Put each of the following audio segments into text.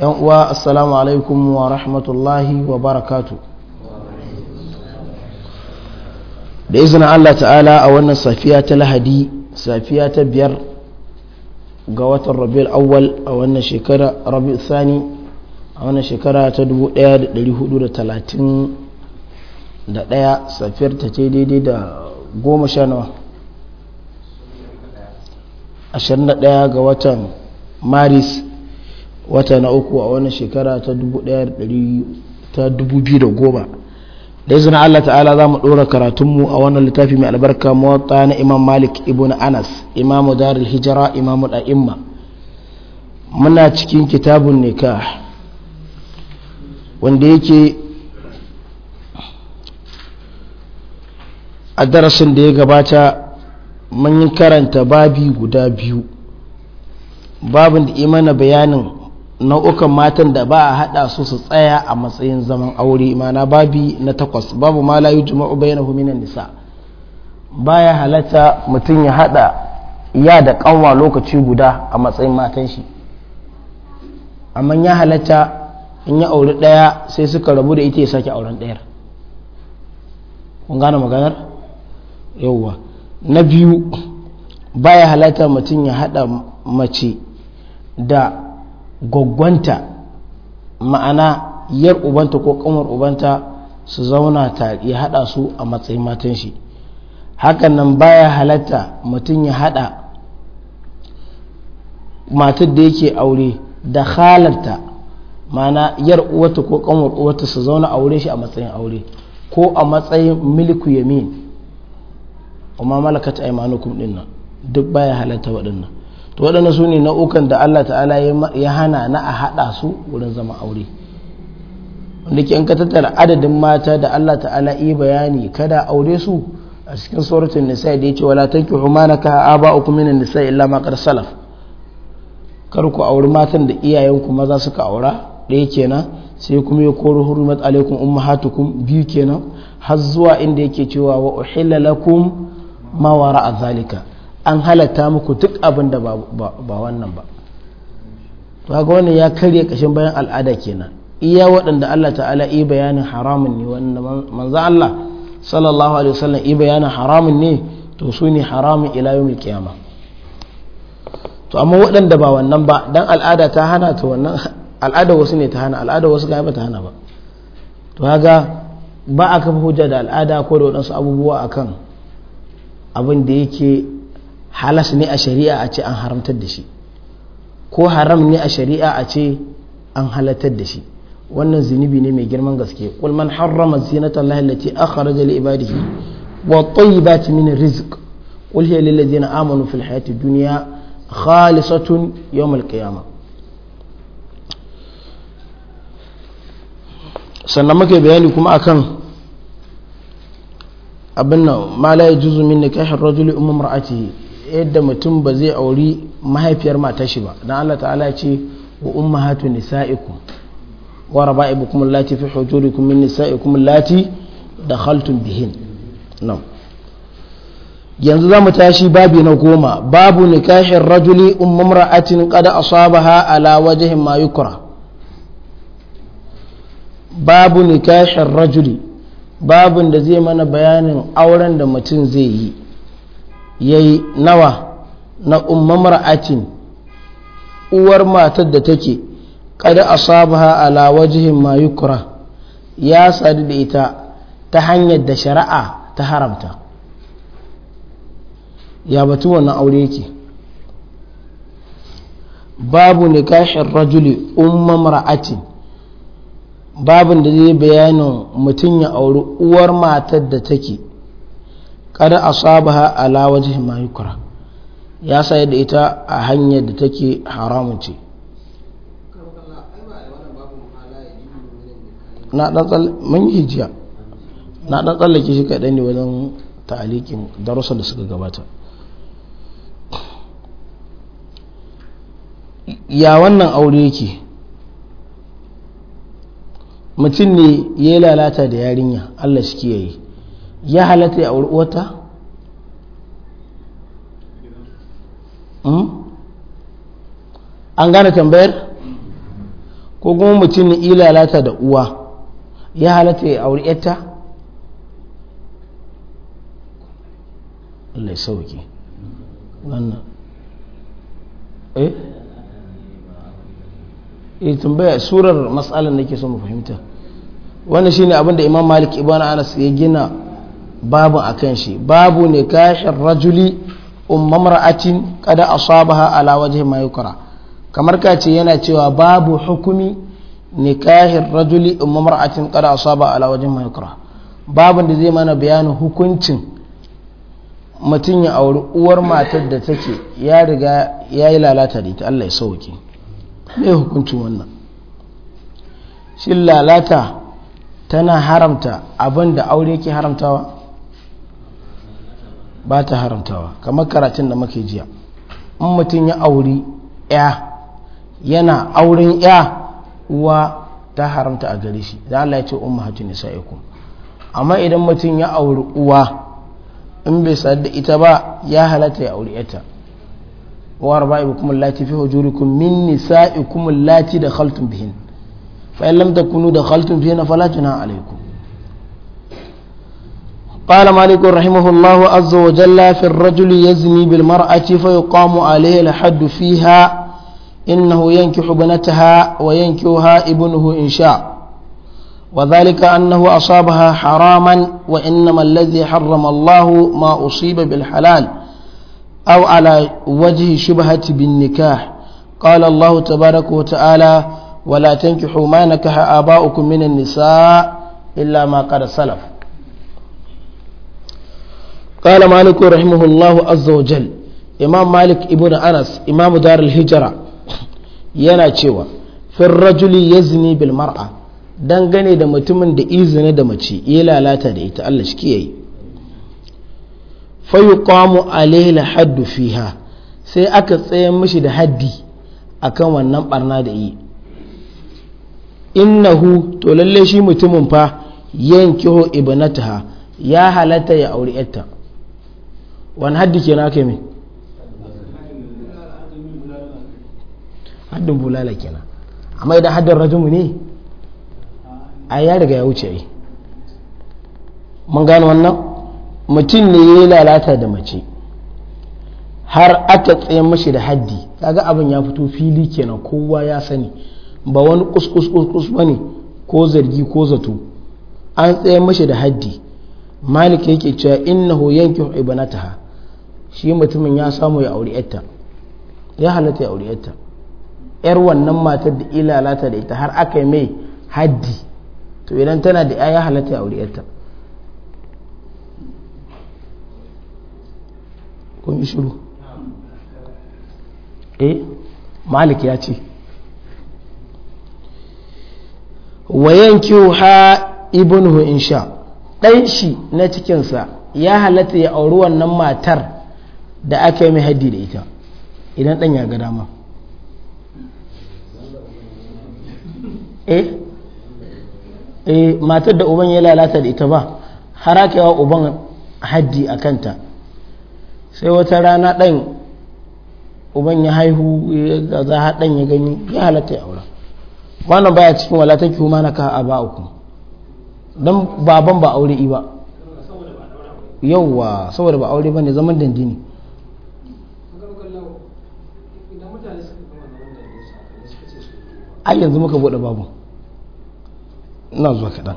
yan uwa assalamu alaikum wa rahmatullahi wa barakatu da izinin allah ta'ala a wannan safiya ta lahadi safiya ta biyar ga watan rabi awwal a wannan shekara rabi Sani, a wannan shekara ta 1431 safiyar ta ce daidai da goma sha nawa 21 ga watan maris wata na uku a wannan shekara ta 2010 da izinin Allah ta'ala za mu ɗora karatunmu a wannan littafi mai albarka mawata na imam malik ibn anas imamu darul hijira imamu da'imma muna cikin kitabun nikah wanda yake a darasin da ya gabata mun karanta babi guda biyu babin da imana bayanin nau'ukan matan da ba a haɗa su su tsaya a matsayin zaman aure mana babi na takwas babu ma la yujma'u bainahu minan nisa baya halatta mutum ya haɗa ya da kanwa lokaci guda a matsayin matan shi amma ya halatta in ya aure ɗaya sai suka rabu da ita ya sake auren ɗayar kun gane maganar yauwa na biyu baya halatta mutum ya haɗa mace da gwaggwanta ma'ana yar ubanta ko kamar ubanta su zauna ta ya hada su a matsayin matan shi hakan nan baya halatta mutum ya hada matar da yake aure da halarta ma'ana yar uwata ko kamar uwata su zauna aure shi a matsayin aure ko a matsayin milku yamin amma malakat aimanukum dinnan duk baya halatta waɗannan to waɗanda su ne nau'ukan da Allah ta'ala ya hana na a haɗa su wurin zama aure wanda ke ka tattara adadin mata da Allah ta'ala yi bayani kada aure su a cikin tsoratun nisa da ya yace wala ka a ba uku minan nisa illa makar salaf kar ku auri matan da iyayenku maza suka aura ɗaya kenan sai kuma ya koro hurumat alaikum ummahatukum biyu kenan har zuwa inda yake cewa wa uhilla lakum ma zalika an halatta muku duk abin da ba wannan ba to ga wannan ya karya kashin bayan al'ada kenan iya waɗanda Allah ta'ala yi bayanin haramun ne wanda manzo Allah sallallahu alaihi wasallam yi bayanin haramun ne to su ne haramun ila yawmil qiyama to amma waɗanda ba wannan ba dan al'ada ta hana to wannan al'ada wasu ne ta hana al'ada wasu ga ba ta hana ba to haka ba a kafa hujja da al'ada ko da waɗansu abubuwa akan abin da yake halas ne a shari'a a ce an haramtar da shi ko haram ne a shari'a a ce an halatar da shi wannan zunubi ne mai girman gaske qul man harrama zinata allahi allati akhraja li ibadihi wa tayyibati min rizq qul hiya lil ladzina amanu fil hayati dunya khalisatun yawm al qiyamah sannan muke bayani kuma akan abin nan ma la yajuzu min nikahi ar-rajuli umma mar'atihi yadda mutum ba zai auri mahaifiyar matashi ba don Allah ta'ala ce wa umma hatu nisa'ikum wa kuma lati fi hujurikum min nisa'ikum da haltun bihin yanzu za mu tashi babi na goma babu nikahin rajuli umman ra'atin saba asabaha ala wajen ma yukura babu nikahin rajuli babun da zai mana bayanin auren da mutum zai yi yayi nawa na umar atin uwar matar da take kada asabaha ala wajihin ma yukra ya sadu da ita ta hanyar da shari'a ta haramta ya batu wannan aure yake babu nikahin rajuli umma mar'atin babin da zai bayanin mutum ya auri uwar matar da take kada asabaha ala waje ma mayukura ya sai da ita a hanyar da take haramun ce na ɗan mun tsallake shi kaɗan ne wajen ta'alikin darussan da suka gabata ya wannan aure yake mutum ne ya lalata da yarinya allah shi kiyaye ya halatta ya auri uwata hmm? an gane tambayar ko kuma mutum ne ilalata da uwa ya halatta ya auri yata Allah ya sauki wannan eh eh tambaya surar matsalar da ke so mu fahimta wannan shine abinda Imam Malik ibana Anas ya gina babu a kan shi babu ne kashin rajuli ummamra'atin kada asabaha ala wajhi ma kamar ka ce yana cewa babu hukumi nikahin rajuli ummamra'atin kada asaba ala wajhi ma yukra da zai mana bayanin hukuncin mutum ya auri uwar matar da take ya riga ya yi lalata da ita Allah ya sauke me hukuncin wannan shin lalata tana haramta abin da aure yake haramtawa ba ta haramtawa kamar karatun da muke jiya in mutum ya auri ya yana auren ya uwa ta haramta a gare shi za a ya ce umma hatu iku amma idan mutum ya auri uwa in bai sadu da ita ba ya halatta ya auri yata wa kuma lati fi hujurikum min nisa lati da khaltun bihin fa in kunu da khaltun bihin na falatuna alaikum. قال مالك رحمه الله عز وجل في الرجل يزني بالمرأة فيقام عليه الحد فيها إنه ينكح ابنتها وينكحها ابنه إن شاء وذلك أنه أصابها حراما وإنما الذي حرم الله ما أصيب بالحلال أو على وجه شبهة بالنكاح قال الله تبارك وتعالى ولا تنكحوا ما نكح آباؤكم من النساء إلا ما قد سلف قال مالك رحمه الله عز وجل امام مالك ابن انس امام دار الهجره yana cewa fin rajuli ya zini bil mar'a dangane da mutumin da izini da mace ya lalata da ita Allah shi yayi fa yuqamu alayhi haddu fiha sai aka tsayar mishi da haddi akan wannan barna da yi innahu to lalle shi mutumin fa yankihu ibnataha ya halatta ya auri yarta wani haddi ke na kai mai haddin bulala kenan amma idan haddin rajumu ne a ya riga ya wuce yi mun gano wannan mutum ne ya yi lalata da mace har aka tsaye mashi da haddi kaga abin ya fito fili kenan kowa ya sani ba wani kuskus ba ne ko zargi ko zato an tsaye mashi da haddi malik yake cewa innahu yankihu ibanataha shi mutumin ya samu ya auri yatta ya halatta ya auri yatta yar wannan matar da ilalata da ita har aka yi mai haddi to idan tana da ya halatta ya auri yatta kun yi shiru eh malik ya ce wayan ha ibnuhu insha ɗan shi na cikinsa ya halatta ya auri wannan matar da aka yi mai haddi da ita idan ɗan ya ga dama eh eh matar da uban ya lalata da ita ba har aka yawa uban haddi a kanta sai wata rana ɗan uban ya haihu ya za ɗan ya gani ya halatta ya aura wannan baya cikin walatanki ki na ka a ba uku don baban ba aure i ba yauwa saboda ba aure ba ne zaman dandini a yanzu muka bude babu ina zuwa kaɗan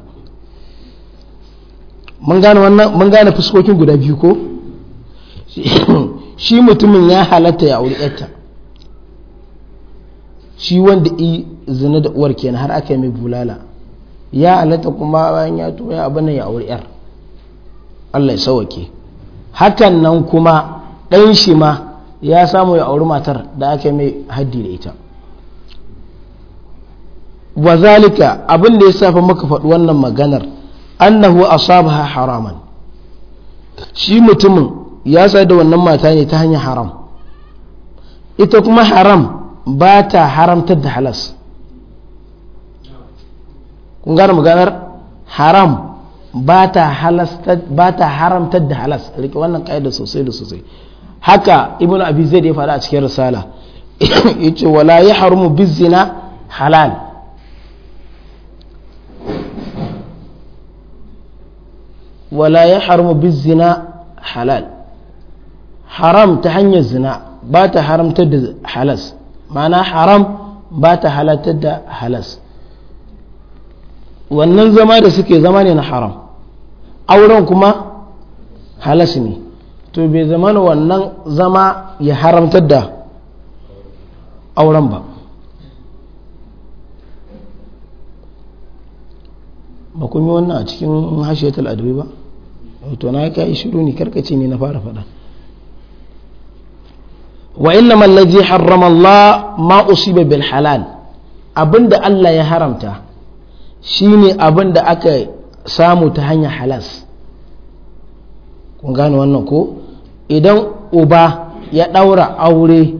mun gane fuskokin guda biyu ko shi mutumin ya halatta ya auri yarta shi wanda i zina da uwar kenan har aka yi mai bulala ya halatta kuma bayan ya tuba abin nan ya auri yar Allah ya sauwake hakan nan kuma ɗan shi ma ya samu ya auri matar da aka yi mai haddi da ita wa zalika abin da ya safa maka faɗi wannan maganar annahu asabaha haraman shi mutumin ya sai da wannan mata ne ta hanyar haram ita kuma haram ba ta haramtar da halas kun gane maganar haram ba ta haramtar da halas rike wannan ƙa'ida sosai da sosai haka ibn abi zaid ya faɗa a cikin risala yace wala ya haramu bizina halal wala ya haramu bizina halal haram ta hanyar zina ba ta haramtar da halas mana haram ba ta halatar da halas wannan zama da suke zama ne na haram auren kuma halas ne to bai zama wannan zama ya haramtar da auren ba ba kun yi wannan a cikin hashiyatul adabi ba to na ka yi shiru ne karkace ne na fara faɗa wa inna mallazi harrama Allah ma usiba bil halal abinda Allah ya haramta shine abinda aka samu ta hanyar halas kun gane wannan ko idan uba ya ɗaura aure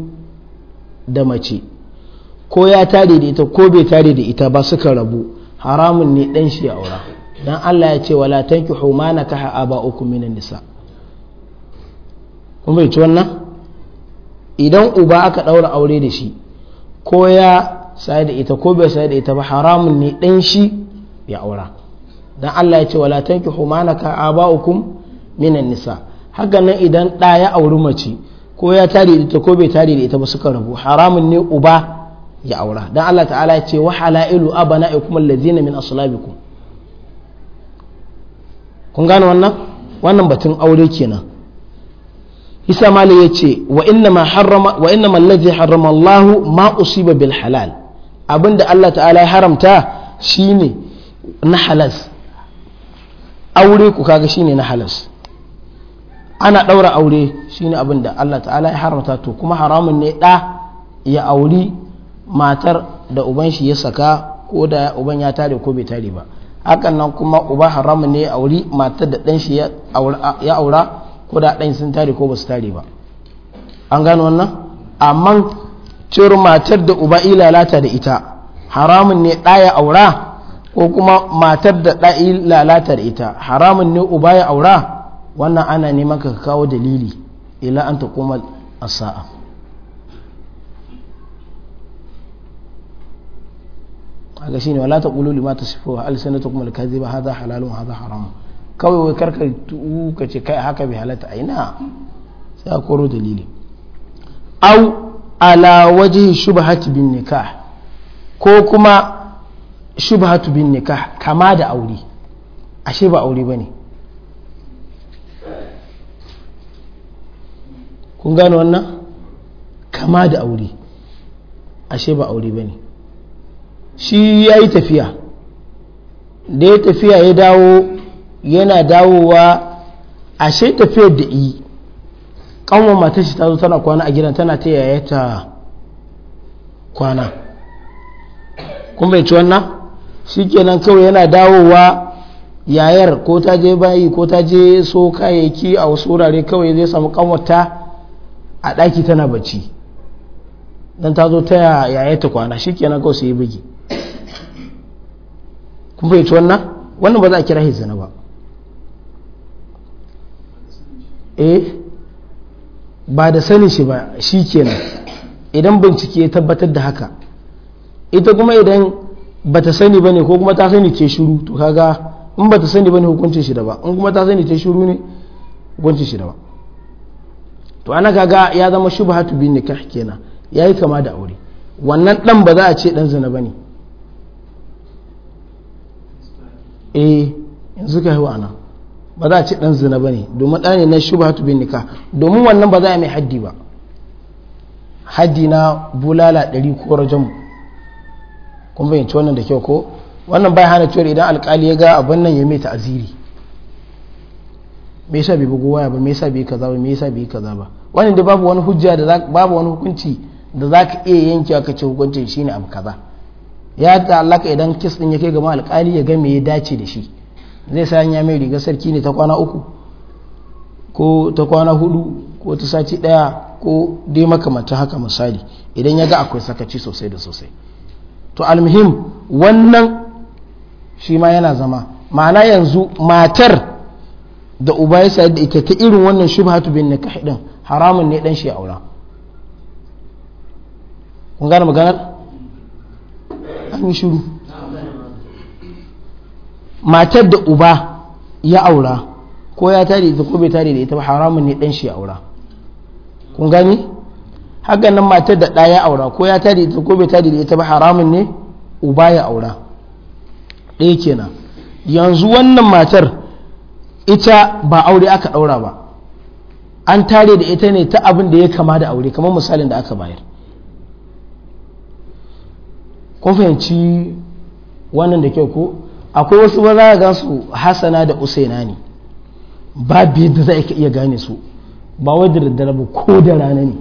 da mace ko ya tare da ita ko bai tare da ita ba suka rabu haramun ne dan shi ya aura dan Allah ya ce wala humana ka nakaha uku minan nisa kun bai ci wannan idan uba aka daura aure da shi ko ya sai da ita ko bai sai da ita ba haramun ne dan shi ya aura dan Allah ya ce wala humana ka nakaha uku minan nisa haka nan idan da ya auri mace ko ya tare da ita ko bai tare da ita ba suka rabu haramun ne uba ya aura dan Allah ta'ala ya ce wa halailu abana'ikum allazina min aslabikum kun gane wannan wannan batun aure kenan isa mali ya ce wa inna mallazi harrama allahu ma usiba bil halal abinda allah ta'ala ya haramta shine na halas aure ku kaga shine na halas ana ɗaura aure shine abinda allah ta'ala ya haramta to kuma haramun ne ɗa ya auri matar da uban shi ya saka ko da uban ya tare ko bai tare ba hakan nan kuma uba haramun ne a wuri matar da ɗan shi ya aura ko da ɗan sun tare ko ba su tare ba an gano wannan amma cewar matar da uba ilalata da ita haramun ne ɗaya aura ko kuma matar da ɗa'i lalata da ita haramun ne uba ya aura wannan ana neman ka kawo dalili ila an ta kuma asa'a kaga shine wala ta taqulu lima tasifu alsanatukum alkaziba hadha halalun hadha haram kawai wai karka tu kace kai haka bi halata aina sai koro dalili au ala wajhi shubhat bin nikah ko kuma shubhat bin nikah kama da aure ashe ba aure bane kun gano wannan kama da aure ashe ba aure bane shi ya yi tafiya da ya tafiya ya dawo yana dawowa ashe tafiyar da yi kanwa matar shi ta zo tana kwana a gidan tana ta yaya ta kwana Kuma bai ci wannan shi kenan kawai yana dawowa yayar ko ta je bayi ko ta je so kayayyaki a wasu wurare kawai zai samu kanwata a ɗaki tana bacci don ta zo ta yaya ta kwana shi kenan kawai sai yi bugi kun fahimci wannan wannan ba za a kira hizana zina ba eh ba da sani shi ba shi kenan idan bincike ya tabbatar da haka ita kuma idan ba ta sani ba ne ko kuma ta sani ce shuru to kaga in ba ta sani ba ne hukuncin shi da ba in kuma ta sani ce shuru ne hukuncin shi da ba to ana kaga ya zama shubhatu bin nikah kenan yayi kama da aure wannan dan ba za a ce dan zina bane eh yanzu ka yi wa'ana ba za a ce dan zina ba ne domin ɗa ne na hatu bin nika domin wannan ba za a mai haddi ba haddi na bulala ɗari ko kuma kun bayyanci wannan da kyau ko wannan bai hana cewar idan alkali ya ga abin nan ya mai ta'aziri me yasa bai bugu waya ba me yasa bai kaza ba me yasa bai kaza ba wannan da babu wani hujja da babu wani hukunci da za ka iya yankewa kace hukuncin shine abu kaza ya ta'allaka idan kis din yake gama alkali ya ga me ya dace da shi zai sanya mai riga sarki ne ta kwana uku ko ta kwana hudu ko ta sati daya ko dai makamantan haka misali idan ya ga akwai sakaci sosai da sosai to almuhim wannan shi ma yana zama ma'ana yanzu matar da uba ya sayar da ita ta irin wannan shubhatu bin nikah din haramun ne dan shi aura kun gane maganar an yi shiru matar da uba ya aura ko ya tare da ko bai tare da ita ba haramun ne dan shi ya aura kun gani haka nan matar da ɗaya ya aura ko ya tare da ko bai tare da ita ba haramun ne uba ya aura ɗaya kenan yanzu wannan matar ita ba aure aka ɗaura ba an tare da ita ne ta abin da ya kama da aure kamar misalin da aka bayar ko fahimci wannan da kyau ko akwai wasu ba za a gan su hasana da usaina ne ba biyu da za a iya gane su ba wai da daddare ba ko da rana ne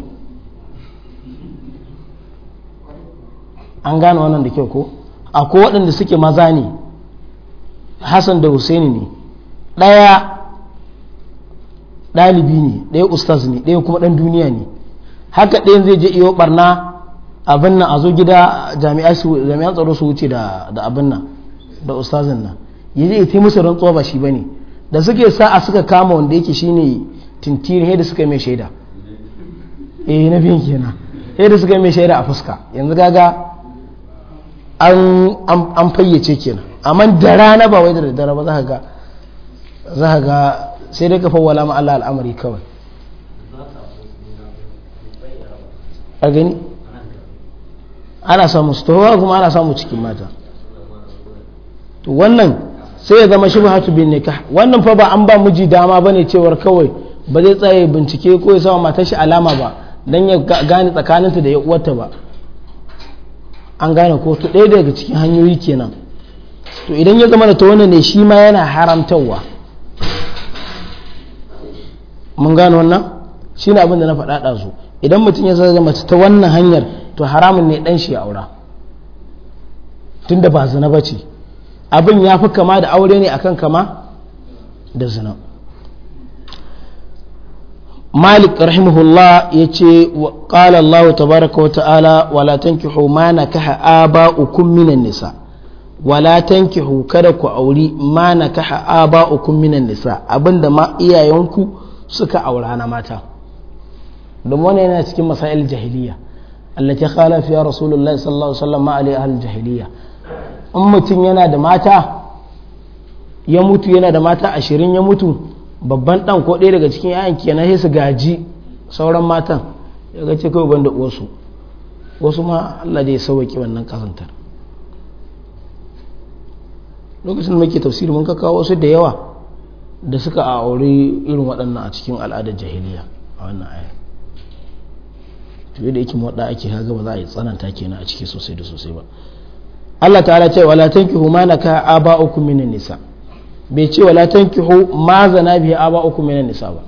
an gane wannan da kyau ko akwai waɗanda suke maza ne hassan da usaini ne ɗaya ɗalibi ne ɗaya ustaz ne ɗaya kuma ɗan duniya ne haka ɗayan zai je iyo ɓarna abin nan a zo gida jami'an tsaro su wuce da abin nan da ustazin nan ya je ita musu rantsuwa ba shi ba ne da suke sa'a suka kama wanda yake shine tintirin da suka mai shaida eh na biyan kenan da suka mai shaida a fuska yanzu gaga an fayyace kenan amma da rana ba wai da daddare ba za ga za ga sai dai ka wala ma Allah al'amari kawai a gani ana samu su tahowa kuma ana samu cikin mata to wannan sai ya zama shubhatu bin nikah wannan fa ba an ba miji dama ba ne cewar kawai ba zai tsaye bincike ko ya sama matar shi alama ba don ya gane tsakaninta da ya uwarta ba an gane ko to ɗaya daga cikin hanyoyi kenan to idan ya zama da ta wannan ne shi ma yana haramtarwa mun gane wannan shi ne abin da na faɗaɗa su idan mutum ya zama ta wannan hanyar to haramun ne dan shi aura tunda ba zina ba ce abin ya fi kama da aure ne akan kama da zina malik rahimahullah ya ce ƙala allah tabaraka wa ta'ala wala tankihu ma ba ukun minan nisa wala tankihu kada ku auri ma ba ukun minan nisa abinda ma iyayenku suka aura na mata domin wani yana cikin masail jahiliya allati khala fiya rasulullahi sallallahu alaihi wasallam ma jahiliya in mutum yana da mata ya mutu yana da mata ashirin ya mutu babban dan ko ɗaya daga cikin yayan kenan sai su gaji sauran matan ya ga kai ban da uwarsu wasu ma Allah da ya sauwaƙi wannan kazantar lokacin da muke tafsiri mun kawo wasu da yawa da suka auri irin waɗannan a cikin al'adar jahiliya a wannan ayat to yadda yake mawaɗa ake haga ba za a yi tsananta kenan a ciki sosai da sosai ba Allah ta'ala ce wala tankihu ma naka aba'ukum minan nisa bai ce wala tankihu ma zana ba aba'ukum minan nisa ba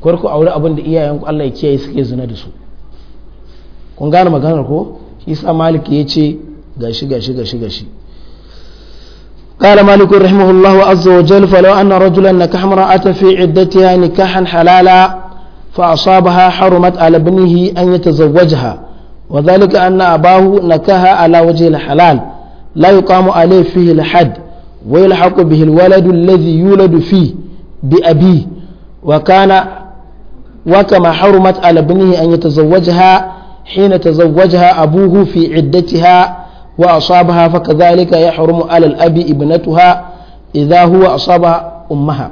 ku aure abin da ku Allah ya kiyaye suke zina da su kun gane maganar ko isa malik ya ce gashi gashi gashi gashi قال مالك رحمه الله عز وجل فلو أن رجلا نكح امرأة في عدتها نكاحا حلالا فأصابها حرمت على ابنه أن يتزوجها وذلك أن أباه نكاها على وجه الحلال لا يقام عليه فيه الحد ويلحق به الولد الذي يولد فيه بأبيه وكان وكما حرمت على ابنه أن يتزوجها حين تزوجها أبوه في عدتها وأصابها فكذلك يحرم على الأب ابنتها إذا هو أصاب أمها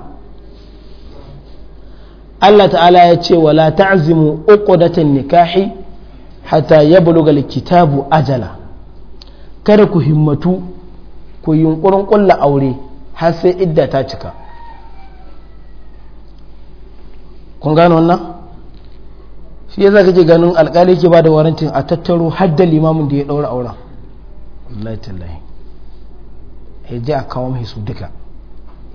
Allah ta'ala ya ce wala ta'zimu uqdatan nikahi hatta yabluga alkitabu ajala kada ku himmatu ku yunkurin kulla aure har sai idda ta cika kun gano wannan shi yasa kake ganin alƙali ke bada da warantin a tattaro hadda limamin da ya daura aure. wallahi tallahi ya ji a kawo su duka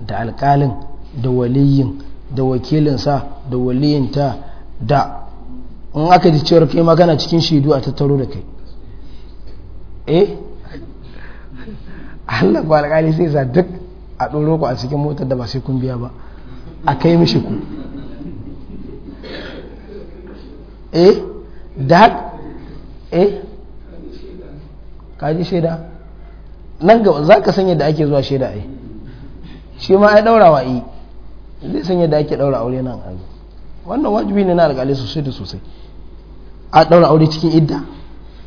da alƙalin da waliyin da wakilinsa da waliyinta da in aka ji cewar kai ma kana cikin shaidu a tattaro da kai eh Allah ba alƙali sai za duk a ɗoro ku a cikin motar da ba sai kun biya ba a kai mishi ku eh da eh kaji shaida nan ga za ka sanya da ake zuwa shaida eh shi ma ai wa yi zai san yadda ake daura aure nan an wannan wajibi ne na alkali sosai da sosai a daura aure cikin idda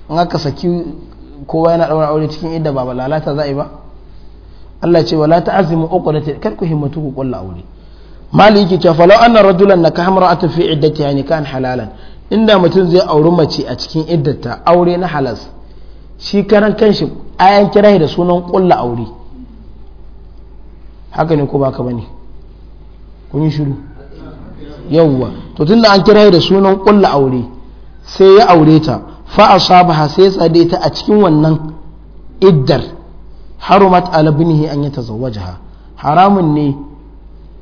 in aka saki kowa yana daura aure cikin idda ba balalata za a yi ba Allah ce wala ta'azimu uqdati kar ku himmatu ku kulla aure maliki ce falau anna rajulan naka hamra'atu fi iddati yani kan halalan inda mutum zai auri mace a cikin iddata aure na halas shi karan kanshi ayan kirahi da sunan kulla aure haka ne ko baka bane kun yi shiru yawwa to tunda an kira da sunan kulla aure sai ya aure ta fa asabaha sai tsade ta a cikin wannan iddar harumat ala an an yatazawwajaha haramun ne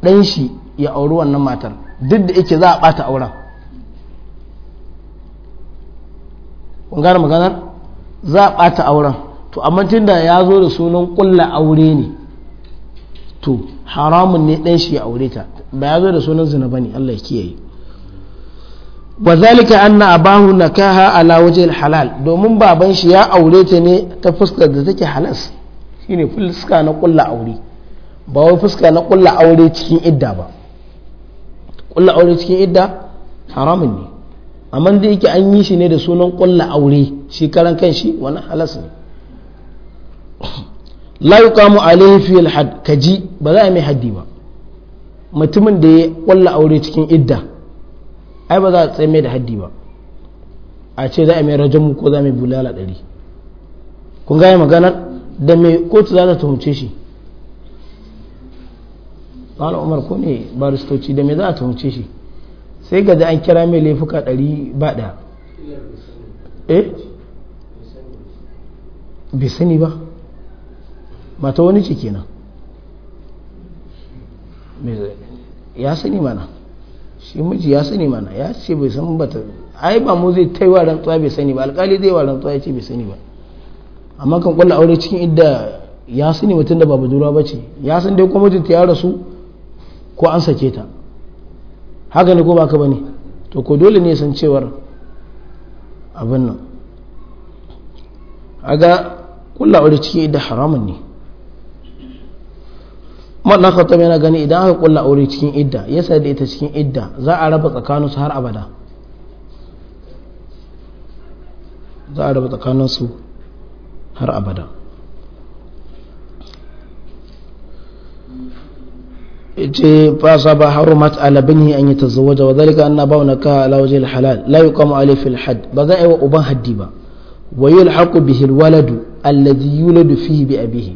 dan shi ya auri wannan matar duk da yake za a bata auren kun gane maganar za a bata auren to amma tunda ya zo da sunan kulla aure ne to haramun ne ɗan shi ya aure ta ba ya zo da sunan zina bane Allah ya kiyaye wa zalika anna abahu nakaha ala wajhil halal domin baban shi ya aure ta ne ta fuskar da take halas shine fuska na kulla aure ba wai fuska na kulla aure cikin idda ba kulla aure cikin idda haramun ne amma da yake an yi shi ne da sunan kulla aure shi karan kanshi wani halas ne la yuqamu alaihi fi alhad kaji ba za a mai haddi ba mutumin da ya walla aure cikin idda ai ba za a tsaye mai da haddi ba a ce za a mai rajamu ko za a mai bulala ɗari kun gaya maganar da mai kotu za ta tuhumce shi ɗan umar ko ne baristoci da mai za a tuhumce shi sai ga an kira mai laifuka ɗari ba ɗaya eh bai sani ba mata wani ce kenan ya sani mana shi miji ya sani mana ya ce bai san bata ai ba mu zai taiwa rantsuwa bai sani ba alkali zai wa rantsuwa ya ce bai sani ba amma kan kwallo aure cikin idda ya sani mutum da ba budurwa ba ce ya san dai kuma ta ya rasu ko an sake ta haka ne ko ba ka ba ne to ko dole ne san cewar abin nan aga kulla aure cikin idda haramun ne madan khatam yana gani idan aka kulla aure cikin idda ya sa da ita cikin idda za a raba tsakanin su har abada za a raba tsakanin su har abada ce fa ba harumat ala bani an yi tazzawaja wa zalika anna na ba wani kaha ala waje halal la yuqamu kama alifin had ba za a yi wa uban haddi ba wa yi bihi al waladu alladhi yuladu fihi bi abihi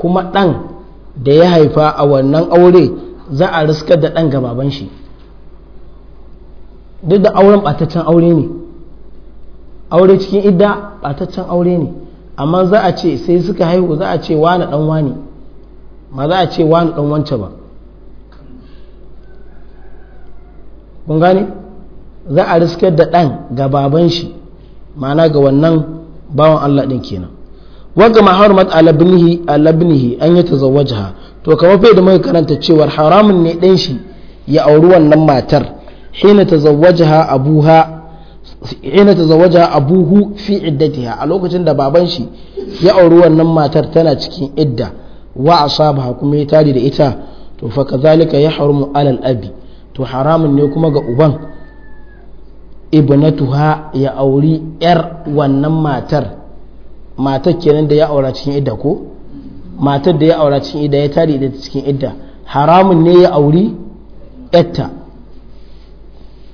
kuma dan da ya haifa a wannan aure za a riskar da ɗan gababan shi duk da auren ɓataccen aure ne aure cikin idda ɓataccen aure ne amma za a ce sai suka haihu za a ce wani ɗan wani ma za a ce wani ɗan wance ba kun gane za a riskar da ɗan gababan shi ma'ana ga wannan bawan allah ɗin kenan wanga ma harumat alabnihi alabnihi an ya tazawwajha to kamar fa da muka karanta cewar haramun ne dan shi ya auri wannan matar hina tazawwajha abuha hina tazawwaja abuhu fi iddatiha a lokacin da baban shi ya auri wannan matar tana cikin idda wa asabaha kuma ya tari da ita to fa kazalika ya harumu alal abi to haramun ne kuma ga uban ibnatuha ya auri yar wannan matar matar kenan da ya aura cikin idda ko matar da ya aura cikin idda ya tare da cikin idda haramun ne ya auri yatta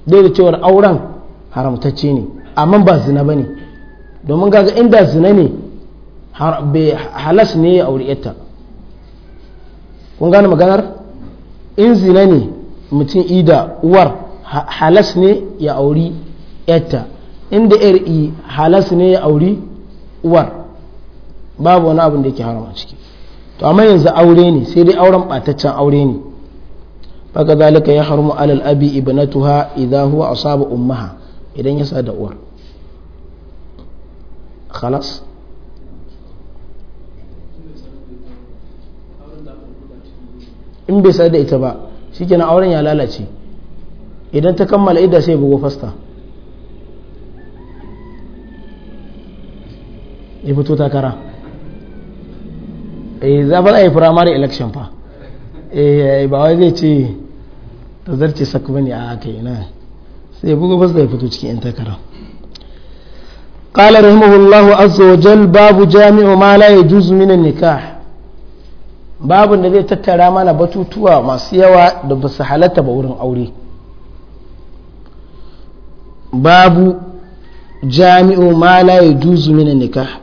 dai da cewar auren haramtacce ne amma ba zina ba ne domin gaga inda zina ne halas ne ya auri yatta kun gane maganar in zina ne mutum ida uwar halas ne ya auri yatta inda yar'i halas ne ya auri uwar babu wani abin da yake haram a ciki to amma yanzu aure ne sai dai auren bataccen aure ne baka zalika ya haramu alal abi ibnatuha idza huwa asaba ummaha idan ya sada uwar khalas. in bai sa da ita ba shikenan auren ya lalace idan ta kammala idda sai bugo fasta ya fito takara eh za ba a yi primary election fa eh ba wai zai ce ta zarce saku bane a haka ina sai buga ba zai fito cikin yan takara قال رحمه الله عز babu باب ma la لا يجوز من النكاح babu da zai tattara mana batutuwa masu yawa da ba su halatta ba wurin aure babu jami'u ma la yajuzu min nikah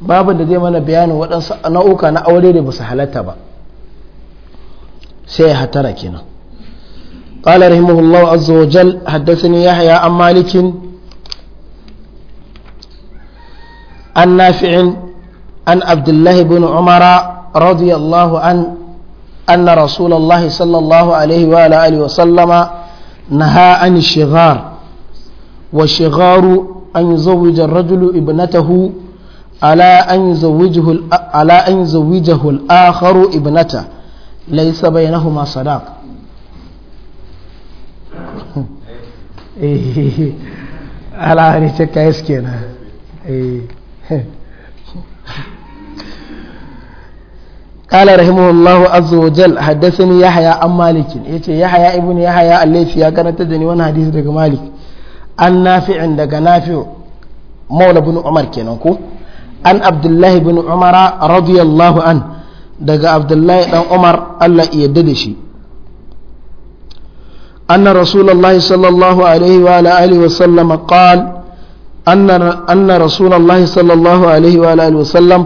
babin da zai mana bayanin waɗansu nau'uka na aure da ba su halatta ba sai ya hatara kenan qala rahimahullah azza wa jal haddathani yahya an malikin an nafi'in an abdullahi ibn umara radiyallahu an anna rasulullah sallallahu alaihi wa ala alihi wa naha an shighar wa shigharu an yuzawwija ar-rajulu ibnatahu ala an zawijahu ala an zawijahu al-akharu ibnata laysa bainahuma sadaq eh ala ne ce kai kenan eh قال رحمه الله عز وجل حدثني يحيى عن مالك يتي يحيى ابن يحيى الليثي يا كانت تدني وانا حديث دغ مالك عن نافع دغ نافع مولى بن عمر كنكو an abdullahi bin umara radiyallahu an daga abdullahi dan umar allah iya da shi anna rasulullahi sallallahu alaihi wa عليه وعلى wa وسلم qal anna أن sallallahu alaihi wa الله wa وعلى wa وسلم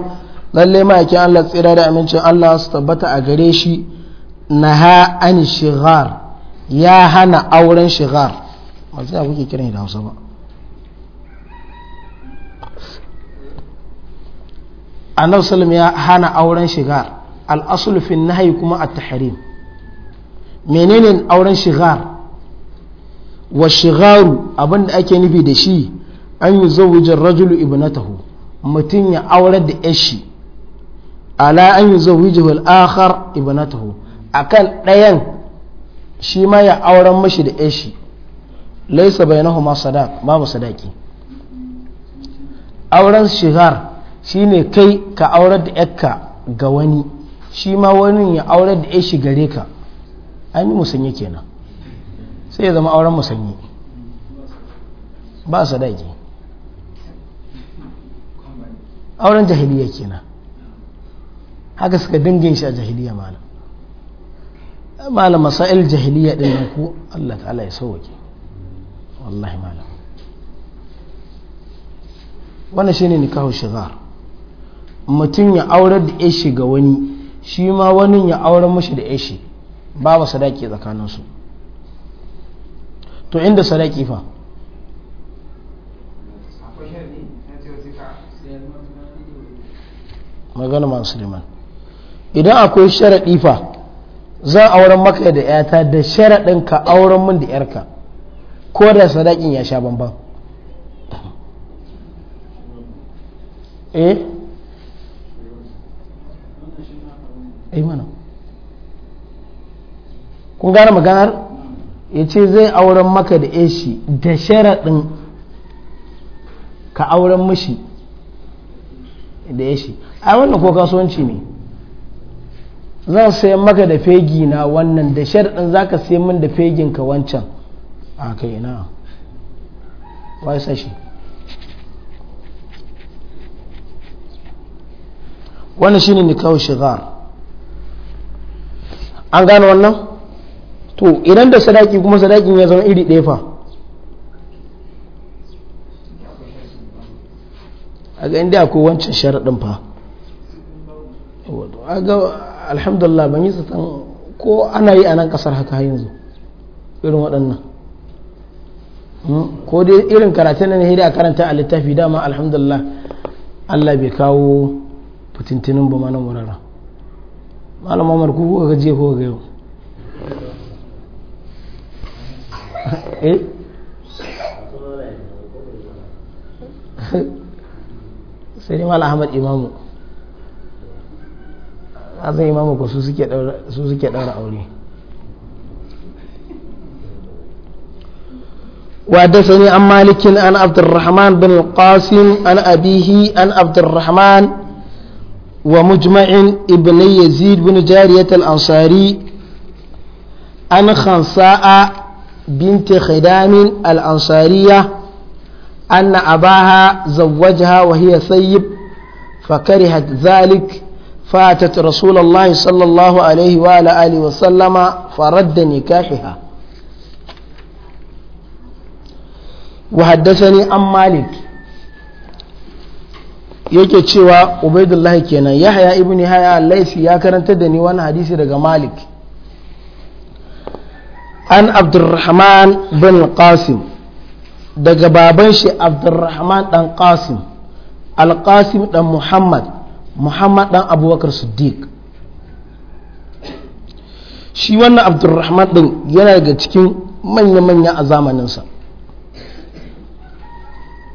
lalle ma yake Allah tsira da amincin Allah su tabbata a gare shi naha an shigar ya hana auren shigar ba sai kuke kiran da Hausa ba annabi sallam ya hana auren shigar al'asul fi nahyi kuma a tahrim menene auren shigar wa shigaru abin da ake nufi da shi an yi zawujin rajulu ibnatahu mutum ya aurar da shi ala an yi zawujin al'akhar ibnatahu akan ɗayan shi ma ya auren mashi da shi laisa bainahuma sadaq babu sadaki auren shigar Shi ne kai ka aurar da yakka ga wani shi ma wani ya aurar da ya shi gare ka an yi musanyi kenan sai ya zama auren musanyi ba sadaki auren jahiliya kenan haka suka dingin shi a jahiliya malam malam masail jahiliya din nan ku Allah ta'ala ya sauke wallahi malam wannan shine nikahu shigar mutum ya aurar da yashi ga wani shi ma wani ya aurar mashi da yashi babu sadaki tsakaninsu to inda sadaki fa magana masu liman idan akwai sharaɗi fa zan auren maka da yata da sharaɗin ka auren min da yarka ko da sadakin ya sha bambam eh kun gane maganar ya ce zai auren maka da eshi da sharaɗin ka auren mashi da eshi a wannan ko kasuwanci ne zan sai maka da fegi na wannan da sharaɗin za ka sai min da fegin ka wancan a kai na wai sashi wannan shine nikahu shigar an gane wannan to idan da sadaki kuma sadakin ya zama iri ɗaya fa a ga inda akwai wancan sharaɗin fa a ga alhamdulillah ban yi zaton ko ana yi a nan ƙasar haka yanzu irin waɗannan hmm? ko dai irin karatun na ne a karanta a littafi dama alhamdulillah allah bai kawo fitintinin ba ma nan malamar malam mamar ku kuka gaje ko ga yau ايه sai dai mala ahmad imamu azan imamu ko su suke daura aure وحدثني عن مالك عن عبد الرحمن بن القاسم عن أبيه عن عبد الرحمن ومجمع ابن يزيد بن جارية الأنصاري عن خنساء بنت خدام الأنصارية أن أباها زوجها وهي ثيب فكرهت ذلك فأتت رسول الله صلى الله عليه وعلى آله وسلم فرد نكاحها وحدثني عن مالك yake cewa ubaidullahi kenan yahya ibn yahya laifi ya karanta da ni wani hadisi daga malik an abdurrahman bin qasim daga baban shi abdurrahman dan qasim alqasim dan muhammad muhammad dan abubakar siddiq shi wannan abdurrahman din yana daga cikin manya-manya a zamaninsa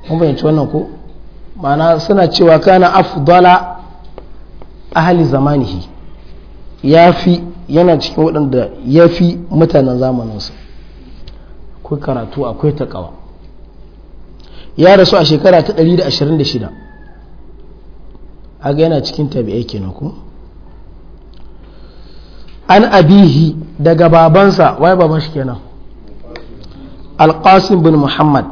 kuma fahimci wannan ko ma'ana suna cewa kana afdala ahli zamanihi ya fi yana cikin waɗanda ya fi mutanen zamaninsu akwai karatu akwai taƙawa ya rasu a shekara ta 126 aga yana cikin tabi'ai kenan ku. an abihi daga babansa wai baban shi kenan alƙasim bin muhammad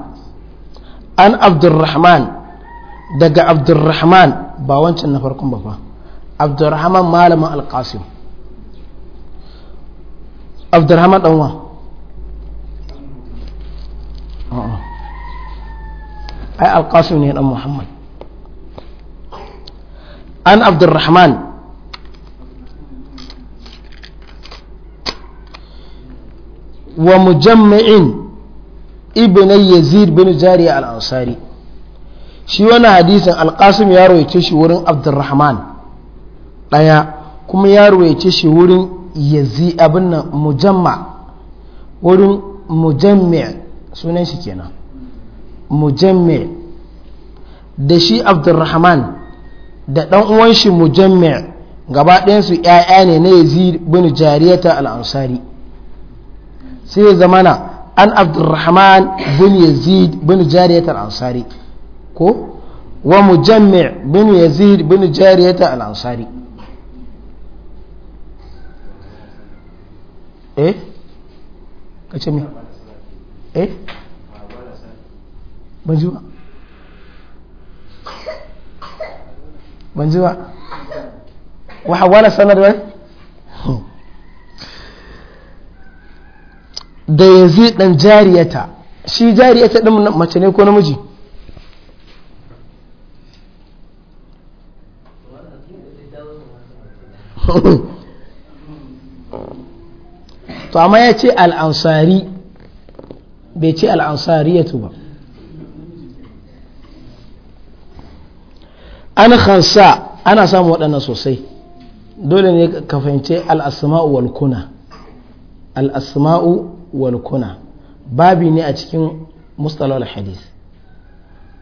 an abdurrahman daga abdurrahman ba wancan na farkon ba fa abdurrahman malamin alƙasim abdurrahman danwa oh, oh. ai alƙasim ne dan muhammad an abdurrahman wa mujammi'in ibn yazid bin jari al-ansari shi wani hadisin alkasim ya rawaice shi wurin abdurrahman ɗaya kuma ya rawaice shi wurin yazi abin nan mujamma wurin mujammi sunan shi kenan mujammi da shi abdurrahman da ɗan uwan shi gaba ɗayansu ‘ya'ya ne na yazid bin jariyata al'ansari sai zamana an abdurrahman bin yazid bin jariyata al'ansari ko wa mujammi bin yazid bin jariyata al'ansari eh ka ce me eh ban ji ba ban ji ba wa hawala sanar bai da zai dan jariyata shi jariyata din mace ne ko namiji Oh to amma ya ce al'ansari bai ce al'ansariyatu ba an khansa ana samun waɗannan sosai dole ne ka fahimci al'asma'u wal kuna al'asma'u wal kuna babi ne a cikin mustalawar hadith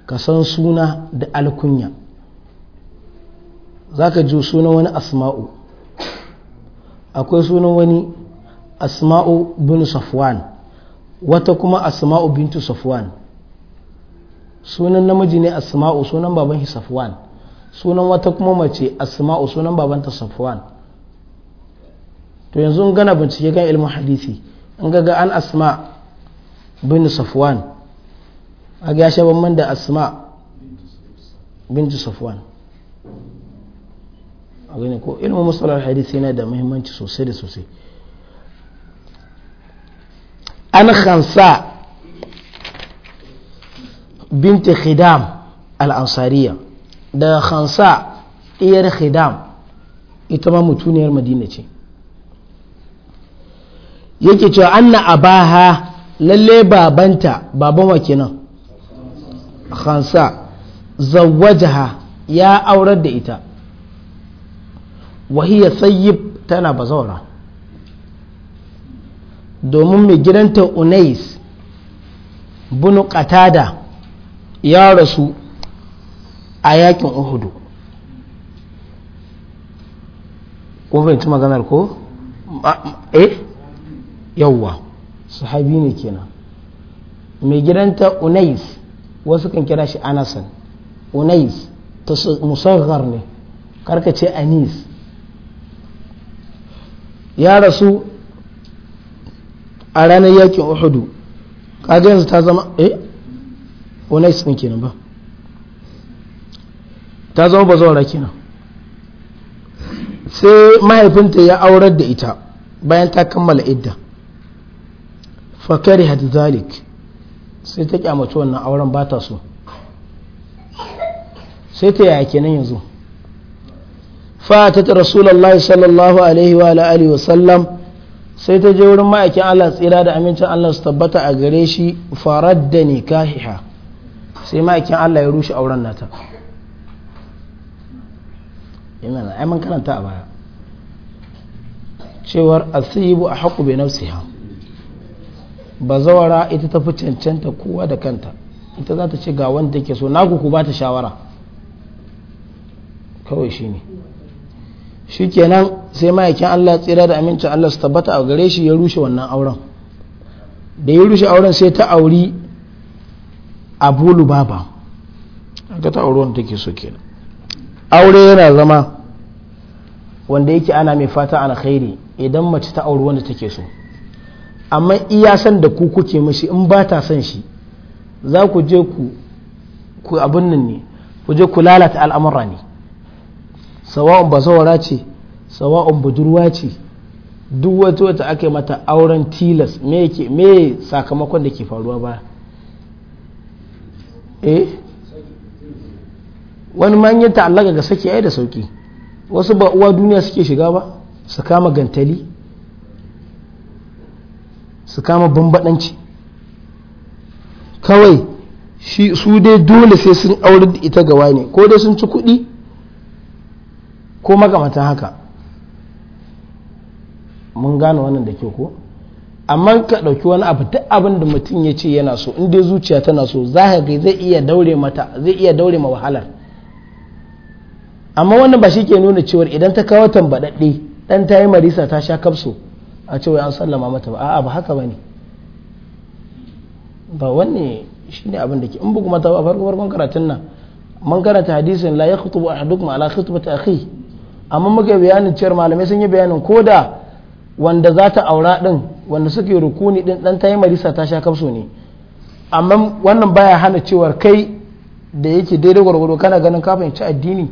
ka san suna da alkunya za ka ji sunan wani asma'u akwai sunan wani asma'u bin safwan wata kuma asma'u bintu safwan sunan namiji ne asma'u sunan baban shi safwan sunan wata kuma mace asma'u sunan babanta safwan to yanzu in gana bincike kan ilmin hadisi in ga an asma bin safwan a ga shi ban da asma bintu safwan a gani ko ilmin musalar hadisi yana da muhimmanci sosai da sosai an khansa binti khidam al'ansariya da khansa iyar khidam ita ma mutuniyar madina ce yake cewa anna abaha lalle babanta baban wa nan, khansa zawwajaha ya aurar da ita wahiya sayyib tana bazawara domin mai gidanta unais bunu qatada ya rasu a yakin uhudu kun ci maganar ko? eh yawwa sahabi ne kenan mai gidanta unais wasu kan kira shi anasan unais ta musaghar ne karkace anis ya rasu a ranar yakin uhudu kaga yanzu ta zama eh unais din kenan ba ta zama zuwa rakina sai mahaifinta ya aurar da ita bayan ta kammala idda fakari zalik sai ta kyamaci wannan auren ba ta so sai ta yaya kenan yanzu fa ta rasulallah sallallahu alaihi wa alihi wa sallam sai ta je wurin ma'aikin Allah tsira da amincin Allah su tabbata a gare shi farad da nikahiha sai ma'aikin Allah ya rushe auren nata yana da aiman karanta a baya cewar asibu a haƙu bai ha ba zawara ita ta fi cancanta kowa da kanta ita za ta ce ga wanda ke so naku ku ba ta shawara kawai shi ne shi kenan sai ma'aikin Allah tsira da amincin Allah su tabbata a gare shi ya rushe wannan auren da ya rushe auren sai ta auri abu lubaba ga ta auri wanda take so kenan aure yana zama wanda yake ana mai fata ana khairi idan mace ta auri wanda take so amma iya san da ku kuke mashi in ba ta son shi za ku je ku abin nan ne ku je ku lalata al'amura ne sawa'un bazawara ce sawa'un budurwa ce duk wata wata aka mata auren tilas me sakamakon da ke faruwa ba eh wani man yi ta'allaka ga saki ai da sauki wasu ba uwa duniya suke shiga ba su kama gantali su kama bambadanci kawai su dai dole sai sun aure da ita gawa ne ko dai sun ci kuɗi ko makamantan haka mun gane wannan da ke ko amma ka ɗauki wani abu duk abin da mutum ya ce yana so in dai zuciya tana so za ga zai iya daure mata zai iya daure ma wahalar amma wannan ba shi ke nuna cewar idan ta kawo tambaɗaɗɗe ɗan ta yi marisa ta sha kafso a cewa an sallama mata ba a'a ba haka ba ne ba wanne shi ne abin da ke in bugu mata ba farko farkon karatun nan man karanta hadisin la ya khutubu ahadukum ala khutbati akhi amma muka bayanin cewar malamai sun yi bayanin ko da wanda za ta aura din wanda suke rukuni din dan tayi marisa ta sha kafso ne amma wannan baya hana cewar kai da yake daidai gwargwado kana ganin ka fahimci addini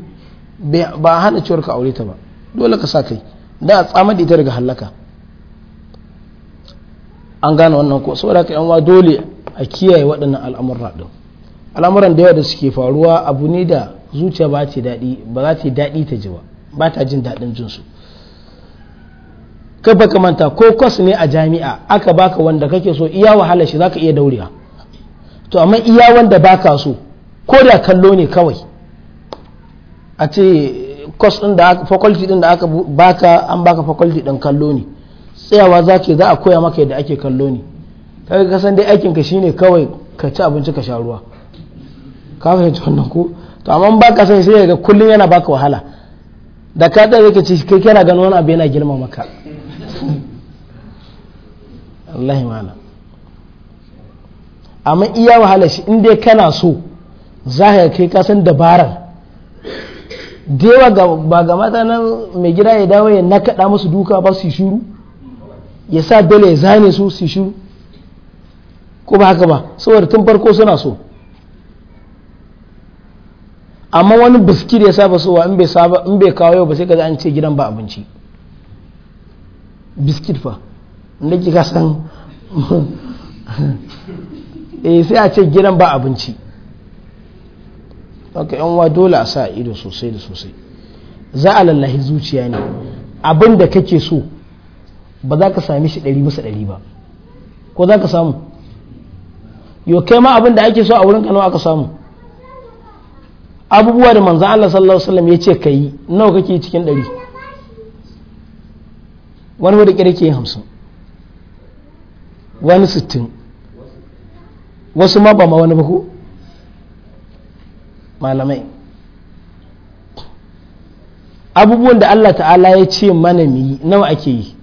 ba hana cewar ka aure ta ba dole ka sa kai da a tsamar da ita daga halaka an gane wannan ko saboda ka yanwa dole a kiyaye waɗannan al'amurra ɗin al'amuran da yawa da suke faruwa abu ne da zuciya ba ta daɗi ba za ta daɗi ta ji ba ba ta jin daɗin jinsu ka baka manta ko kwas ne a jami'a aka baka wanda kake so iya wahala shi zaka iya daurewa to amma iya wanda baka so ko da kallo ne kawai a ce kwas ɗin da faculty ɗin da aka baka an baka faculty ɗin kallo ne tsayawa zake za a koya maka yadda ake kallo ne kai ka san dai aikin ka shine kawai ka ci abinci ka sha ruwa ka fahimci wannan ko to amma baka san sai ga kullun yana baka wahala da ka da yake ci kai kana ganin wani abu yana girma maka Allah amma iya wahala shi in dai kana so za ka kai kasan dabarar dewa ba ga mata nan mai gida ya dawo ya nakaɗa musu duka ba su shuru ya sa dole ya zane su su shuru ko ba haka ba saboda tun farko suna so amma wani biskit ya saba sowa in bai kawo yau ba sai kaza an ce gidan ba abinci biskit fa inda kika san eh sai a ce gidan ba abinci ok yan wa dole a sa ido sosai da sosai za a lallahi zuciya ne abin da kake so ba za ka sami shi ɗari bisa ɗari ba ko za ka samu yau kai ma abin da ake so a wurin kano aka samu abubuwa da manzan Allah sallallahu Alaihi wasallam ya ce ka yi nawa kake cikin ɗari wani wadda ƙira ke hamsin wani sittin wasu ma ba ma wani bako malamai abubuwan da Allah ta'ala ya ce mana mu yi nawa ake yi